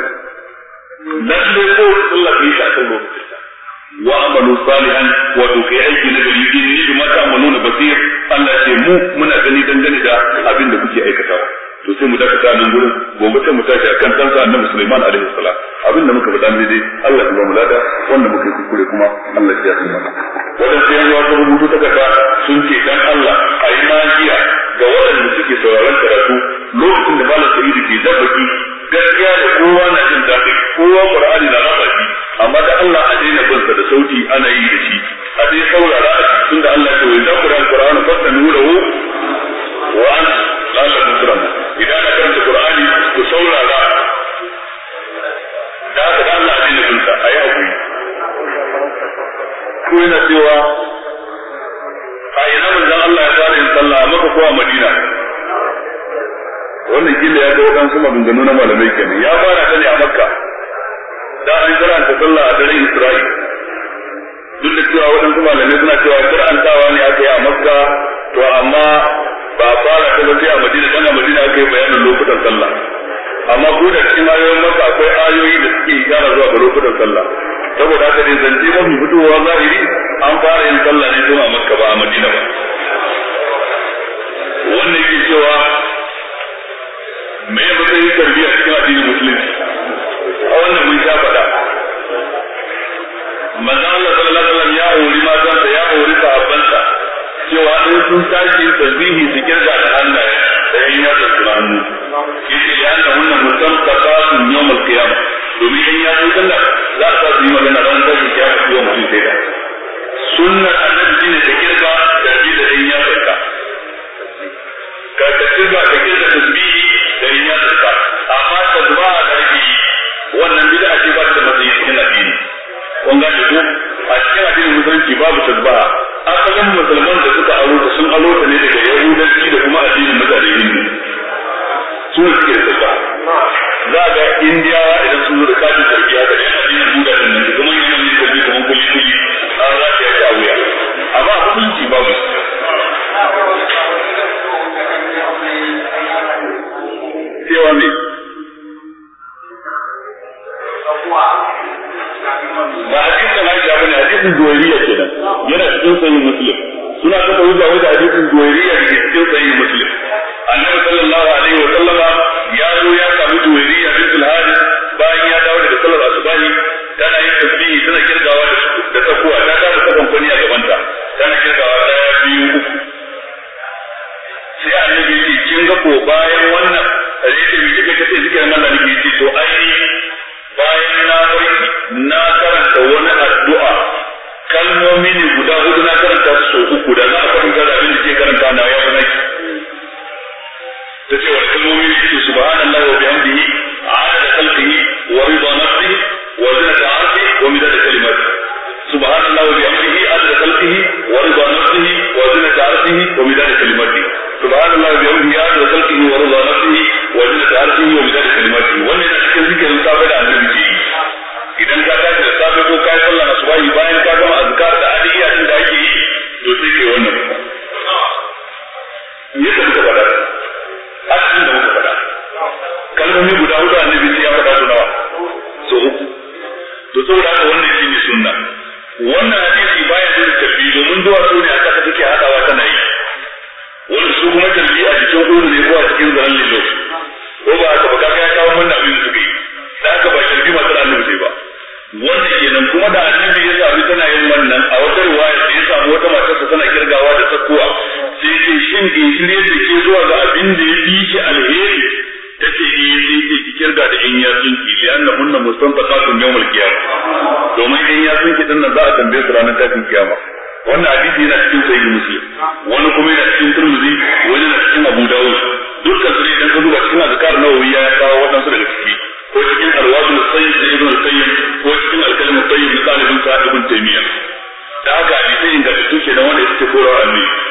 lalle ko sallah kai ta kan lokaci wa amalu salihan wa dukai aiki na gari in ni bi mata amalu na basir Allah ce mu muna gani dangane da abin da kuke aikatawa to sai mu dakata nan gurin gobe sai mu tashi akan sa annabi Sulaiman alaihi salam abinda muka faɗa ne dai Allah ya ba mu lada wanda muka yi kure kuma Allah ya yi mana wannan sai yanzu aka rubutu ta kaka sun ce dan Allah ayi magiya ga waɗanda suke sauraron karatu lokacin da malam Sa'idu ke dabbaki gaskiya da kowa na jin daɗi kowa Qur'ani na raba shi amma da Allah a daina bansa da sauti ana yi da shi a dai saurara tunda Allah ya ce wa yadda Qur'an Qur'an fasanuhu wa an lallabin sura idan na da qur'ani ku saurara da haka da Allah ne kunta ayi hakuri ko yana cewa a ina manzon Allah ya fara in sallah maka ko a Madina wannan kila ya ga wadansu maganganu na malamai kenan ya fara ta ne a Makka da an karanta sallah a dare Isra'ila duk da cewa waɗansu malamai suna cewa shar'antawa ne aka yi a makka to amma ba a fara ta sai a madina dan a madina aka yi bayanin lokutan sallah amma ko da cikin ayoyin makka akwai ayoyi da suke ishara zuwa ga lokutan sallah saboda haka dai zance mafi fitowa zahiri an fara yin sallah ne tun a makka ba a madina ba wannan yake cewa me ya matsayin tarbiyya cikin addinin musulunci a wannan mun sha faɗa manzo Allah sallallahu alaihi wasallam ya auri matansa ya auri sahabbansa cewa in sun tashi tasbihi su kirga da hannaye da yin yadda su hannu yace ya anna wannan mutum tafatun yawmal qiyamah domin in ya zo sallah za ka yi magana ran da ya fi yau mutum sai da sunnar annabi shine da kirga da bi da in ya farka ka ta kirga da kirga tasbihi da in ya farka amma tasbaha da musulunci babu tasbaha asalin musulman da suka aro da sun aro ta ne daga yahudanci da kuma addinin mutane hindu su ne suke da tasbaha za ga indiya idan sun zo da kafin sarki haka ne addinin buda da nan kuma yana yin sarki kamar kuli kuli an za ta yaki a wuya amma a musulunci babu cewa ne ƙarya bane hadisin duwairiya kenan yana cikin sahih muslim suna kafa hujja wajen hadisin duwairiya da ke cikin sahih muslim annabi sallallahu alaihi wa sallama ya zo ya samu duwairiya bintul haris bayan ya dawo daga sallar asubahi tana yin tasbihi tana kirgawa da tsakuwa ta kama sakan kwani a gaban ta tana kirgawa daya biyu uku sai annabi ya ce kin ga ko bayan wannan rikin da kika ce zikirin Allah nake ji to ai bayan na na karanta wani sau uku da za a faɗin zarafin da ke karanta na na wani ta ce wani kalmomi da ke su ba hannun hannun bi a da suke yi wa ba na fi wa zina rida nafsihi wa ba zinata yi wa midada kalimatihi subhanallah wa bihamdihi adada khalqihi wa hannun nafsihi bi zinata arshihi a da kalimatihi yi wa bihamdihi adada khalqihi wa rida nafsihi wa zinata arshihi da kalimar kalimatihi wannan yana cikin zikirin safe da annabi idan ka tashi da safe ko ka sallah na su bayan ka gama me yasa muka faɗa asalin da muka faɗa kalmomi guda hudu annabi ya faɗa su nawa so uku to saboda haka wannan shine sunna wannan hadisi baya da tabbi domin zuwa su ne aka take haɗawa tana yi Wani su kuma tabbi a cikin ulu ne ko a cikin zanen lilo ko ba a taɓa kaga ya kawo wannan abin su kai da haka ba tabbi ma tana annabi ba wannan kenan kuma da annabi ya sami tana yin wannan a wata riwaya sai ya samu wata matar tana kirgawa da sakkuwa sai ce shin in shirye da ke zuwa ga abin da ya bi shi alheri yake ce eh sai ce ki kirga da in yatsun ki li anna hunna mustanfaqatun yawm al-qiyamah domin in yatsun ki din za a tambaye su ranar tashin kiyama wannan hadisi yana cikin sahih muslim wani kuma yana cikin turmuzi wani yana cikin abu dawud dukkan su ne dan ka duba cikin azkar nawawi ya kawo waɗansu daga ciki ko cikin alwadul sayyid da ibn sayyid ko cikin alkalimu sayyid da ibn sa'id ibn taymiya da haka hadisi inda su ke da wanda suke korawa annabi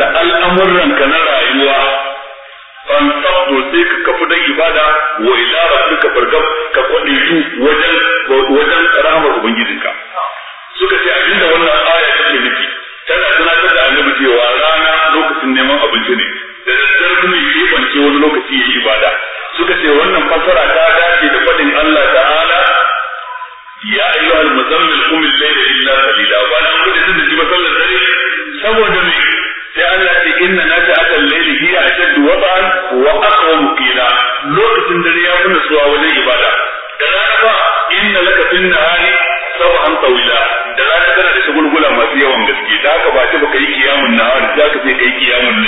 Da al'amuran ka na rayuwa an sabdo sai ka kafu dan ibada wa ila rabbika fargab ka kwadaitu wajen wajen rahmar ubangijinka suka ce abinda wannan aya take nufi tana tunatar da annabi cewa rana lokacin neman abinci ne da daddare kuma ya bance wani lokaci ya ibada suka ce wannan fasara ta dace da fadin Allah ta'ala ya ayyuhal muzammil qumil al-layla illa qalila wa nan gudun da shi ba saboda mai Allah ce inna na ta akan laili hiya a wata'an wa aqwam qila lokacin dare ya kuna suwa wajen ibada da rana fa inna laka fil nahari sab'an tawila da rana kana da shagulgula masu yawan gaske da haka ba ta baka yi kiyamun nahari za ka je kai kiyamun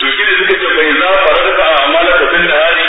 to shi ne suka ce bai za fararka a'malaka fil nahari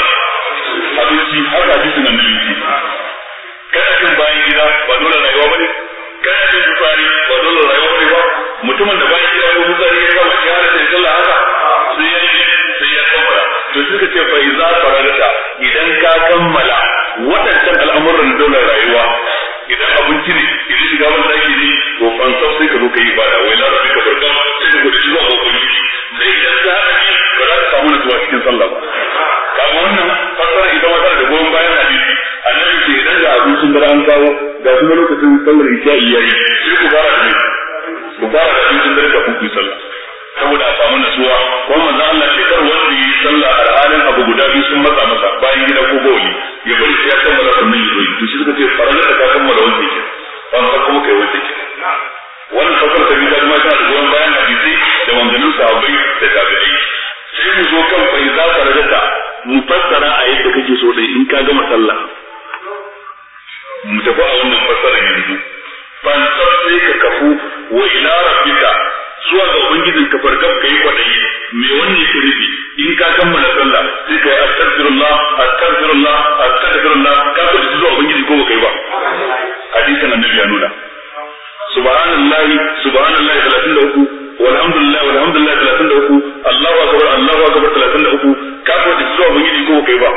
abinci haka hadisin annabi ce kasashen bayan gida ba dole rayuwa bane jin fitsari ba dole rayuwa bane ba mutumin da bayan gida ko fitsari ya kama ya har sai sallah haka sai ya yi sai ya kammala to suka ce fa iza fararta idan ka kammala waɗancan al'amuran dole rayuwa idan abinci ne idan shiga ban daki ne to fansaf sai ka zo ka yi ibada wai la rabbi ka farka sai ka gudu zuwa ga yi. sai idan a yi ba za ka samu nutsuwa cikin sallah ba kaga wannan fasara ita wata da goyon bayan hadisi annabi ke idan da abin sun dara an kawo ga kuma lokacin sallar isha yi sai ku fara da ku fara da sun dare kafin ku sallah saboda a samu nasuwa ko manzo Allah ce kar wanda yi sallah alhalin abu guda biyu sun matsa masa bayan gida ko goli ya bari sai ya kammala sannan ya zo to shi suka ce farala ta kammala wani ke ban ka kuma kai wannan ke wannan fasar ta gida kuma tana da goyon bayan hadisi da manzannin sahabbai da tabi'ai sai mu zo kan fa idza farajata mu fassara a yadda kake so dai in ka gama sallah mu tafi a wannan fassara yanzu ban sai ka kafu wa ila rabbika zuwa ga ubangijin ka fargab kai kwadayi me wannan ke in ka kammala sallah sai kai astaghfirullah astaghfirullah astaghfirullah ka ku zuwa ubangiji ko kai ba hadisin annabi ya nuna subhanallah subhanallah 33 walhamdulillah walhamdulillah 33 Allahu akbar Allahu akbar 33 ka ko da zuwa ubangiji ko kai ba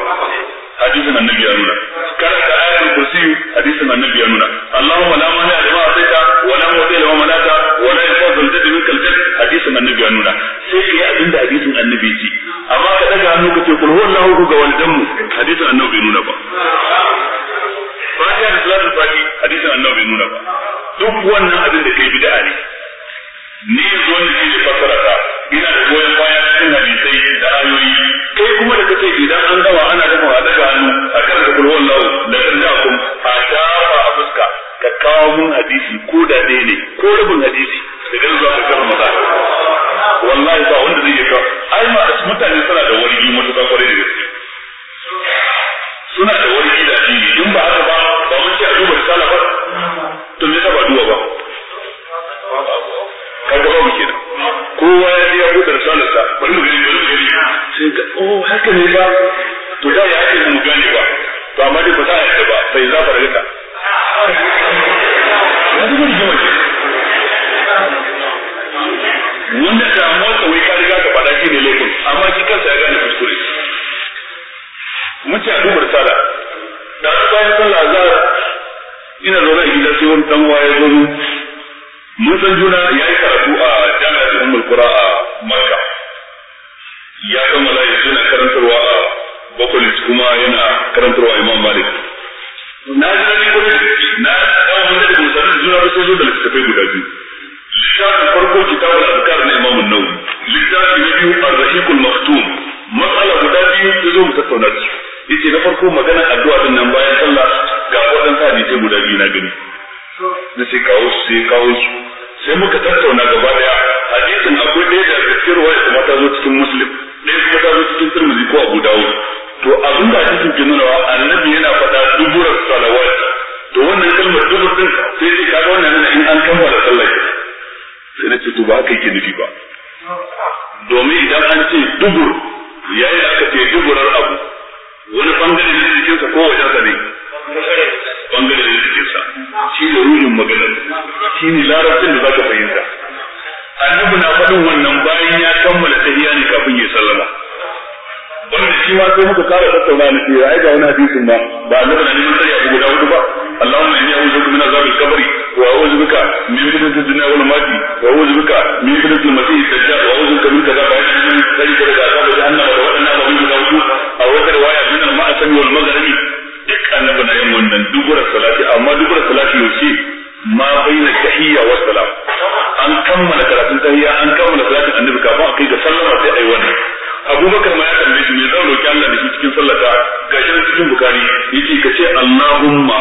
hadisin annabi ya nuna ka ayatul kursi hadisin annabi ya nuna allahumma la mani alima asaita wa la mu'ti lima malaka wa la yanfa'u al jadd min kal jadd hadisin annabi ya nuna sai ya yi abinda hadisin annabi yake amma ka daga hannu ka ce kul allah ku ga walidan mu hadisin annabi nuna ba fatiha da salatul fadi hadisin annabi nuna ba duk wannan abin da kai bid'a ne ni ya zo da shi fassara ina da goyon baya cikin hadisai da ayoyi kai kuma da kake idan an gawa ana dafa a daga hannu a kan da kulwar lawo da tsallakum a shafa a fuska ka kawo mun hadisi ko da ɗaya ne ko rabin hadisi da ganin zuwa kakar maza wallahi ba wanda zai yi kawo. ai ma mutane suna da wargi matuƙa kwarai da gaske suna da wargi da addini in ba haka kowa ya je ya buɗe risalarsa bari mu gani bari mu gani sai ga oh haka ne ba to da ya ake mu gane ba to amma dai ba za a yi ba sai za fara rika wani gudun yawan wanda damuwa ta wai ka riga ka faɗa shi ne laifin amma shi kansa ya gane kuskure muke a duba risala da bayan sallah azhar ina zaune a gida sai wani dan waye zo mun san juna yayi karatu a ummul qura a makka ya ga yanzu yana karantarwa a bakulis kuma yana karantarwa imam malik na ji daɗin ne na ɗan wanda da musamman juna da sojo da littattafai guda biyu littafin farko kitabul azkar na imam an-nawawi littafi na biyu ar-rahiqul maktum matsala guda biyu ta zo mu tattauna su yace na farko magana addu'a din nan bayan sallah ga wadan sa ta guda biyu na gani na sai kawo su sai kawo su sai muka tattauna gaba daya hadisi ta zo cikin muslim ɗaya kuma ta zo cikin turmuzi ko abu dawud to abin da ake cikin nuna annabi yana faɗa duburar salawat to wannan kalmar dubur din sai ce kaga wannan in an da sallah sai na ce to ba aka yi nufi ba domin idan an ce dubur ya da aka ce duburar abu wani bangare ne jikin sa ko wajen sa ne bangare ne jikin sa shi ne ruhin maganar shi ne larabcin da ka fahimta annabi na faɗin wannan bayan ya kammala tahiyya ne kafin ya sallama wanda shi ma sai muka kara tattauna na cewa ai ga wani hadisin ba ba annabi na neman tsari abu guda hudu ba Allahumma inni a'udhu bika min azabil kabari wa a'udhu bika min fitnatil dunya wal mati wa a'udhu bika min fitnatil masih dajjal wa a'udhu bika min kadha wa a'udhu min tsari daga azabil jahannam wa wa'ana wa min guda hudu a wata riwaya min al ma'asami wal maghribi duk annabi na yin wannan dubura salati amma dubura salati yaushe ma bai bayna tahiyya wa salam an kammala karatun tahiyya an kammala salatin annabi kafin kai da sallama sai ai wannan abubakar ma ya tambaye shi me zan roki Allah da shi cikin sallata gashi cikin bukari yace ce allahumma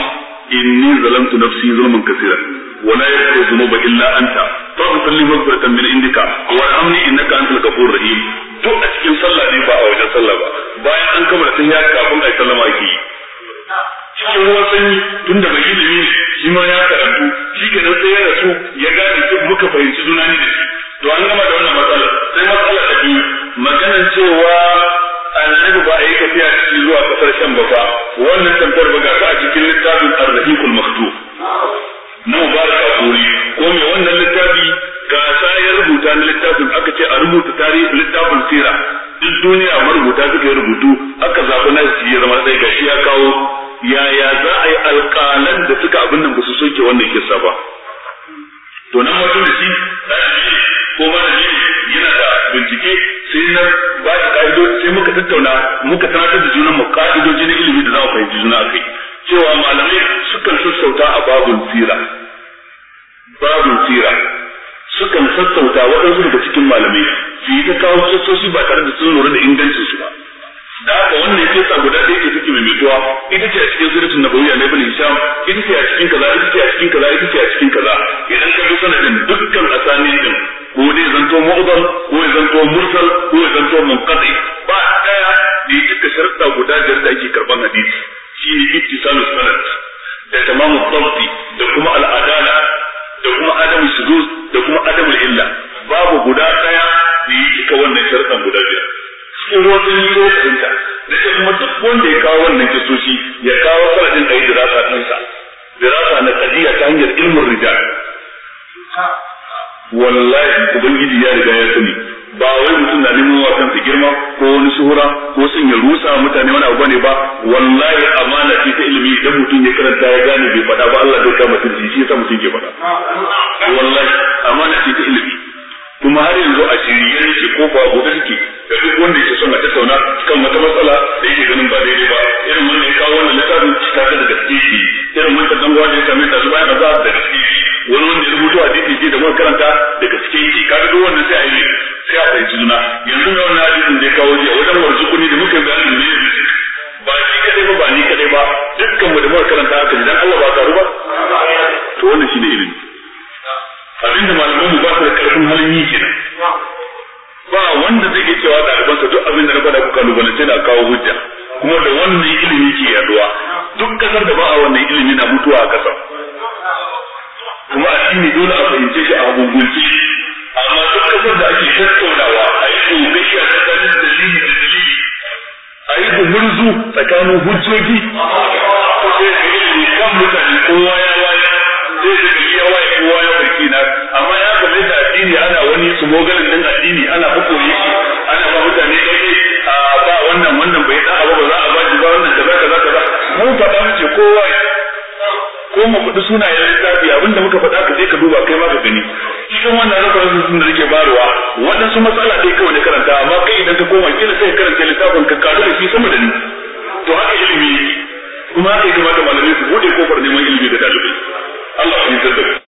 inni zalamtu nafsi zulman kaseera ولا يغفر الذنوب الا انت فاغفر لي مغفرة من عندك وارحمني انك انت الغفور rahim. duk a cikin sallah ne ba a wajen sallah ba bayan an kammala sun ya kafin a yi sallama ake yi cikin ruwan sanyi tun da bai ne. shi ma ya karantu shi ke nan sai ya rasu ya gane duk muka fahimci juna ne da shi to an gama da wannan matsalar sai matsala ta biyu maganar cewa annabi ba a yi tafiya ciki zuwa kasar shan ba fa wannan tamfar ba ga ta a cikin littafin arrahikul maktub na ka kuri ko me wannan littafi ga sa ya rubuta na littafin aka ce a rubuta tarihi littafin sira duk duniya marubuta suka yi rubutu aka zaɓi na su ya zama ɗaya ga shi ya kawo yaya za a yi alƙalan da suka abin nan ba su soke wannan kisa ba to nan mutum shi ko da shi yana da bincike sai na ba da ka'ido sai muka tattauna muka tunatar da junan mu ka'idoji na ilimi da za mu fahimci juna kai cewa malamai sukan sassauta a babun sira babun sira sukan sassauta waɗansu daga cikin malamai su yi ta kawo sassauci ba tare da sun lura da ingancin su ba da haka wannan kisa guda ɗaya juyuwa ita ce a cikin suratul nabawiyya na ibn hisham ita ce a cikin kaza ita ce a cikin kaza ita ce a cikin kaza idan ka bi sanadin dukkan asani din ko dai zanto mu'dal ko ya zanto mursal ko ya zanto munqati ba daya ne duka sharuɗa guda biyar da ake karban hadisi shi ne ittisalus sanad da tamamu dabti da kuma al'adala da kuma adamu shudud da kuma adamu illa babu guda daya da yi cika wannan sharuɗan guda biyar cikin ruwan sun yi fahimta wanda ya kawo wannan kisoshi ya kawo sanadin da yi dirasa ɗinsa dirasa na kadiya ta hanyar ilmin rijal wallahi ubangiji ya riga ya sani ba wai mutum na neman wa kansa girma ko wani shuhura ko sun ya rusa mutane wani abu ne ba wallahi amana ce ta ilimi idan mutum ya karanta ya gane bai faɗa ba Allah zai kama tunji shi yasa mutum ke faɗa wallahi amana ce ta ilimi kuma har yanzu a shirye yake ko ba gobe suke. da duk wanda yake son a tattauna kan wata matsala da yake ganin ba daidai ba irin wanda ya kawo wannan littafin cika ta da gaske shi irin wanda dan gwaje ya same ta zuwa ya da gaske shi wani wanda ya rubuta a DPG da kuma karanta da gaske shi kaga duk wannan sai a yi sai a fahimci juna yanzu ne wannan hadisin da ya kawo shi a wajen warjukuni da muka bayanin ne ba shi kadai ba ba ni kadai ba dukkan mu da muka karanta haka idan Allah ba karu ba to wannan ne ilimi abinda malamai mu ba su da karfin halin yi kenan ba wanda zai ke cewa ɗalibansa duk abin da na faɗa kuka ce na kawo hujja kuma da wannan ilimi ke yaduwa duk kasar da ba a wannan ilimi na mutuwa a kasar kuma addini dole a fahimce shi a gungunci amma duk kasar da ake tattaunawa a yi gobe a tsakanin dalili da dalili a yi gumurzu tsakanin hujjoji ko da ilimi kan mutane kowa ya sai ka gari ya waye kowa ya farki na amma ya kamata addini ana wani su mogalin din addini ana kokoye shi ana ba mutane dai a ba wannan wannan bai da abu ba za a ba shi ba wannan kaza kaza kaza mun faɗa muke kowa ko mu faɗi sunayen littafi abinda muka faɗa ka je ka duba kai ma ka gani cikin wannan rakarar sun da nake barwa waɗansu matsala dai kawai na karanta amma kai idan ka koma kila sai ka karanta littafin ka karu da shi sama da ni to haka ilimi kuma haka ya kamata malamai su buɗe kofar neman ilimi ga ɗalibai Allah shi da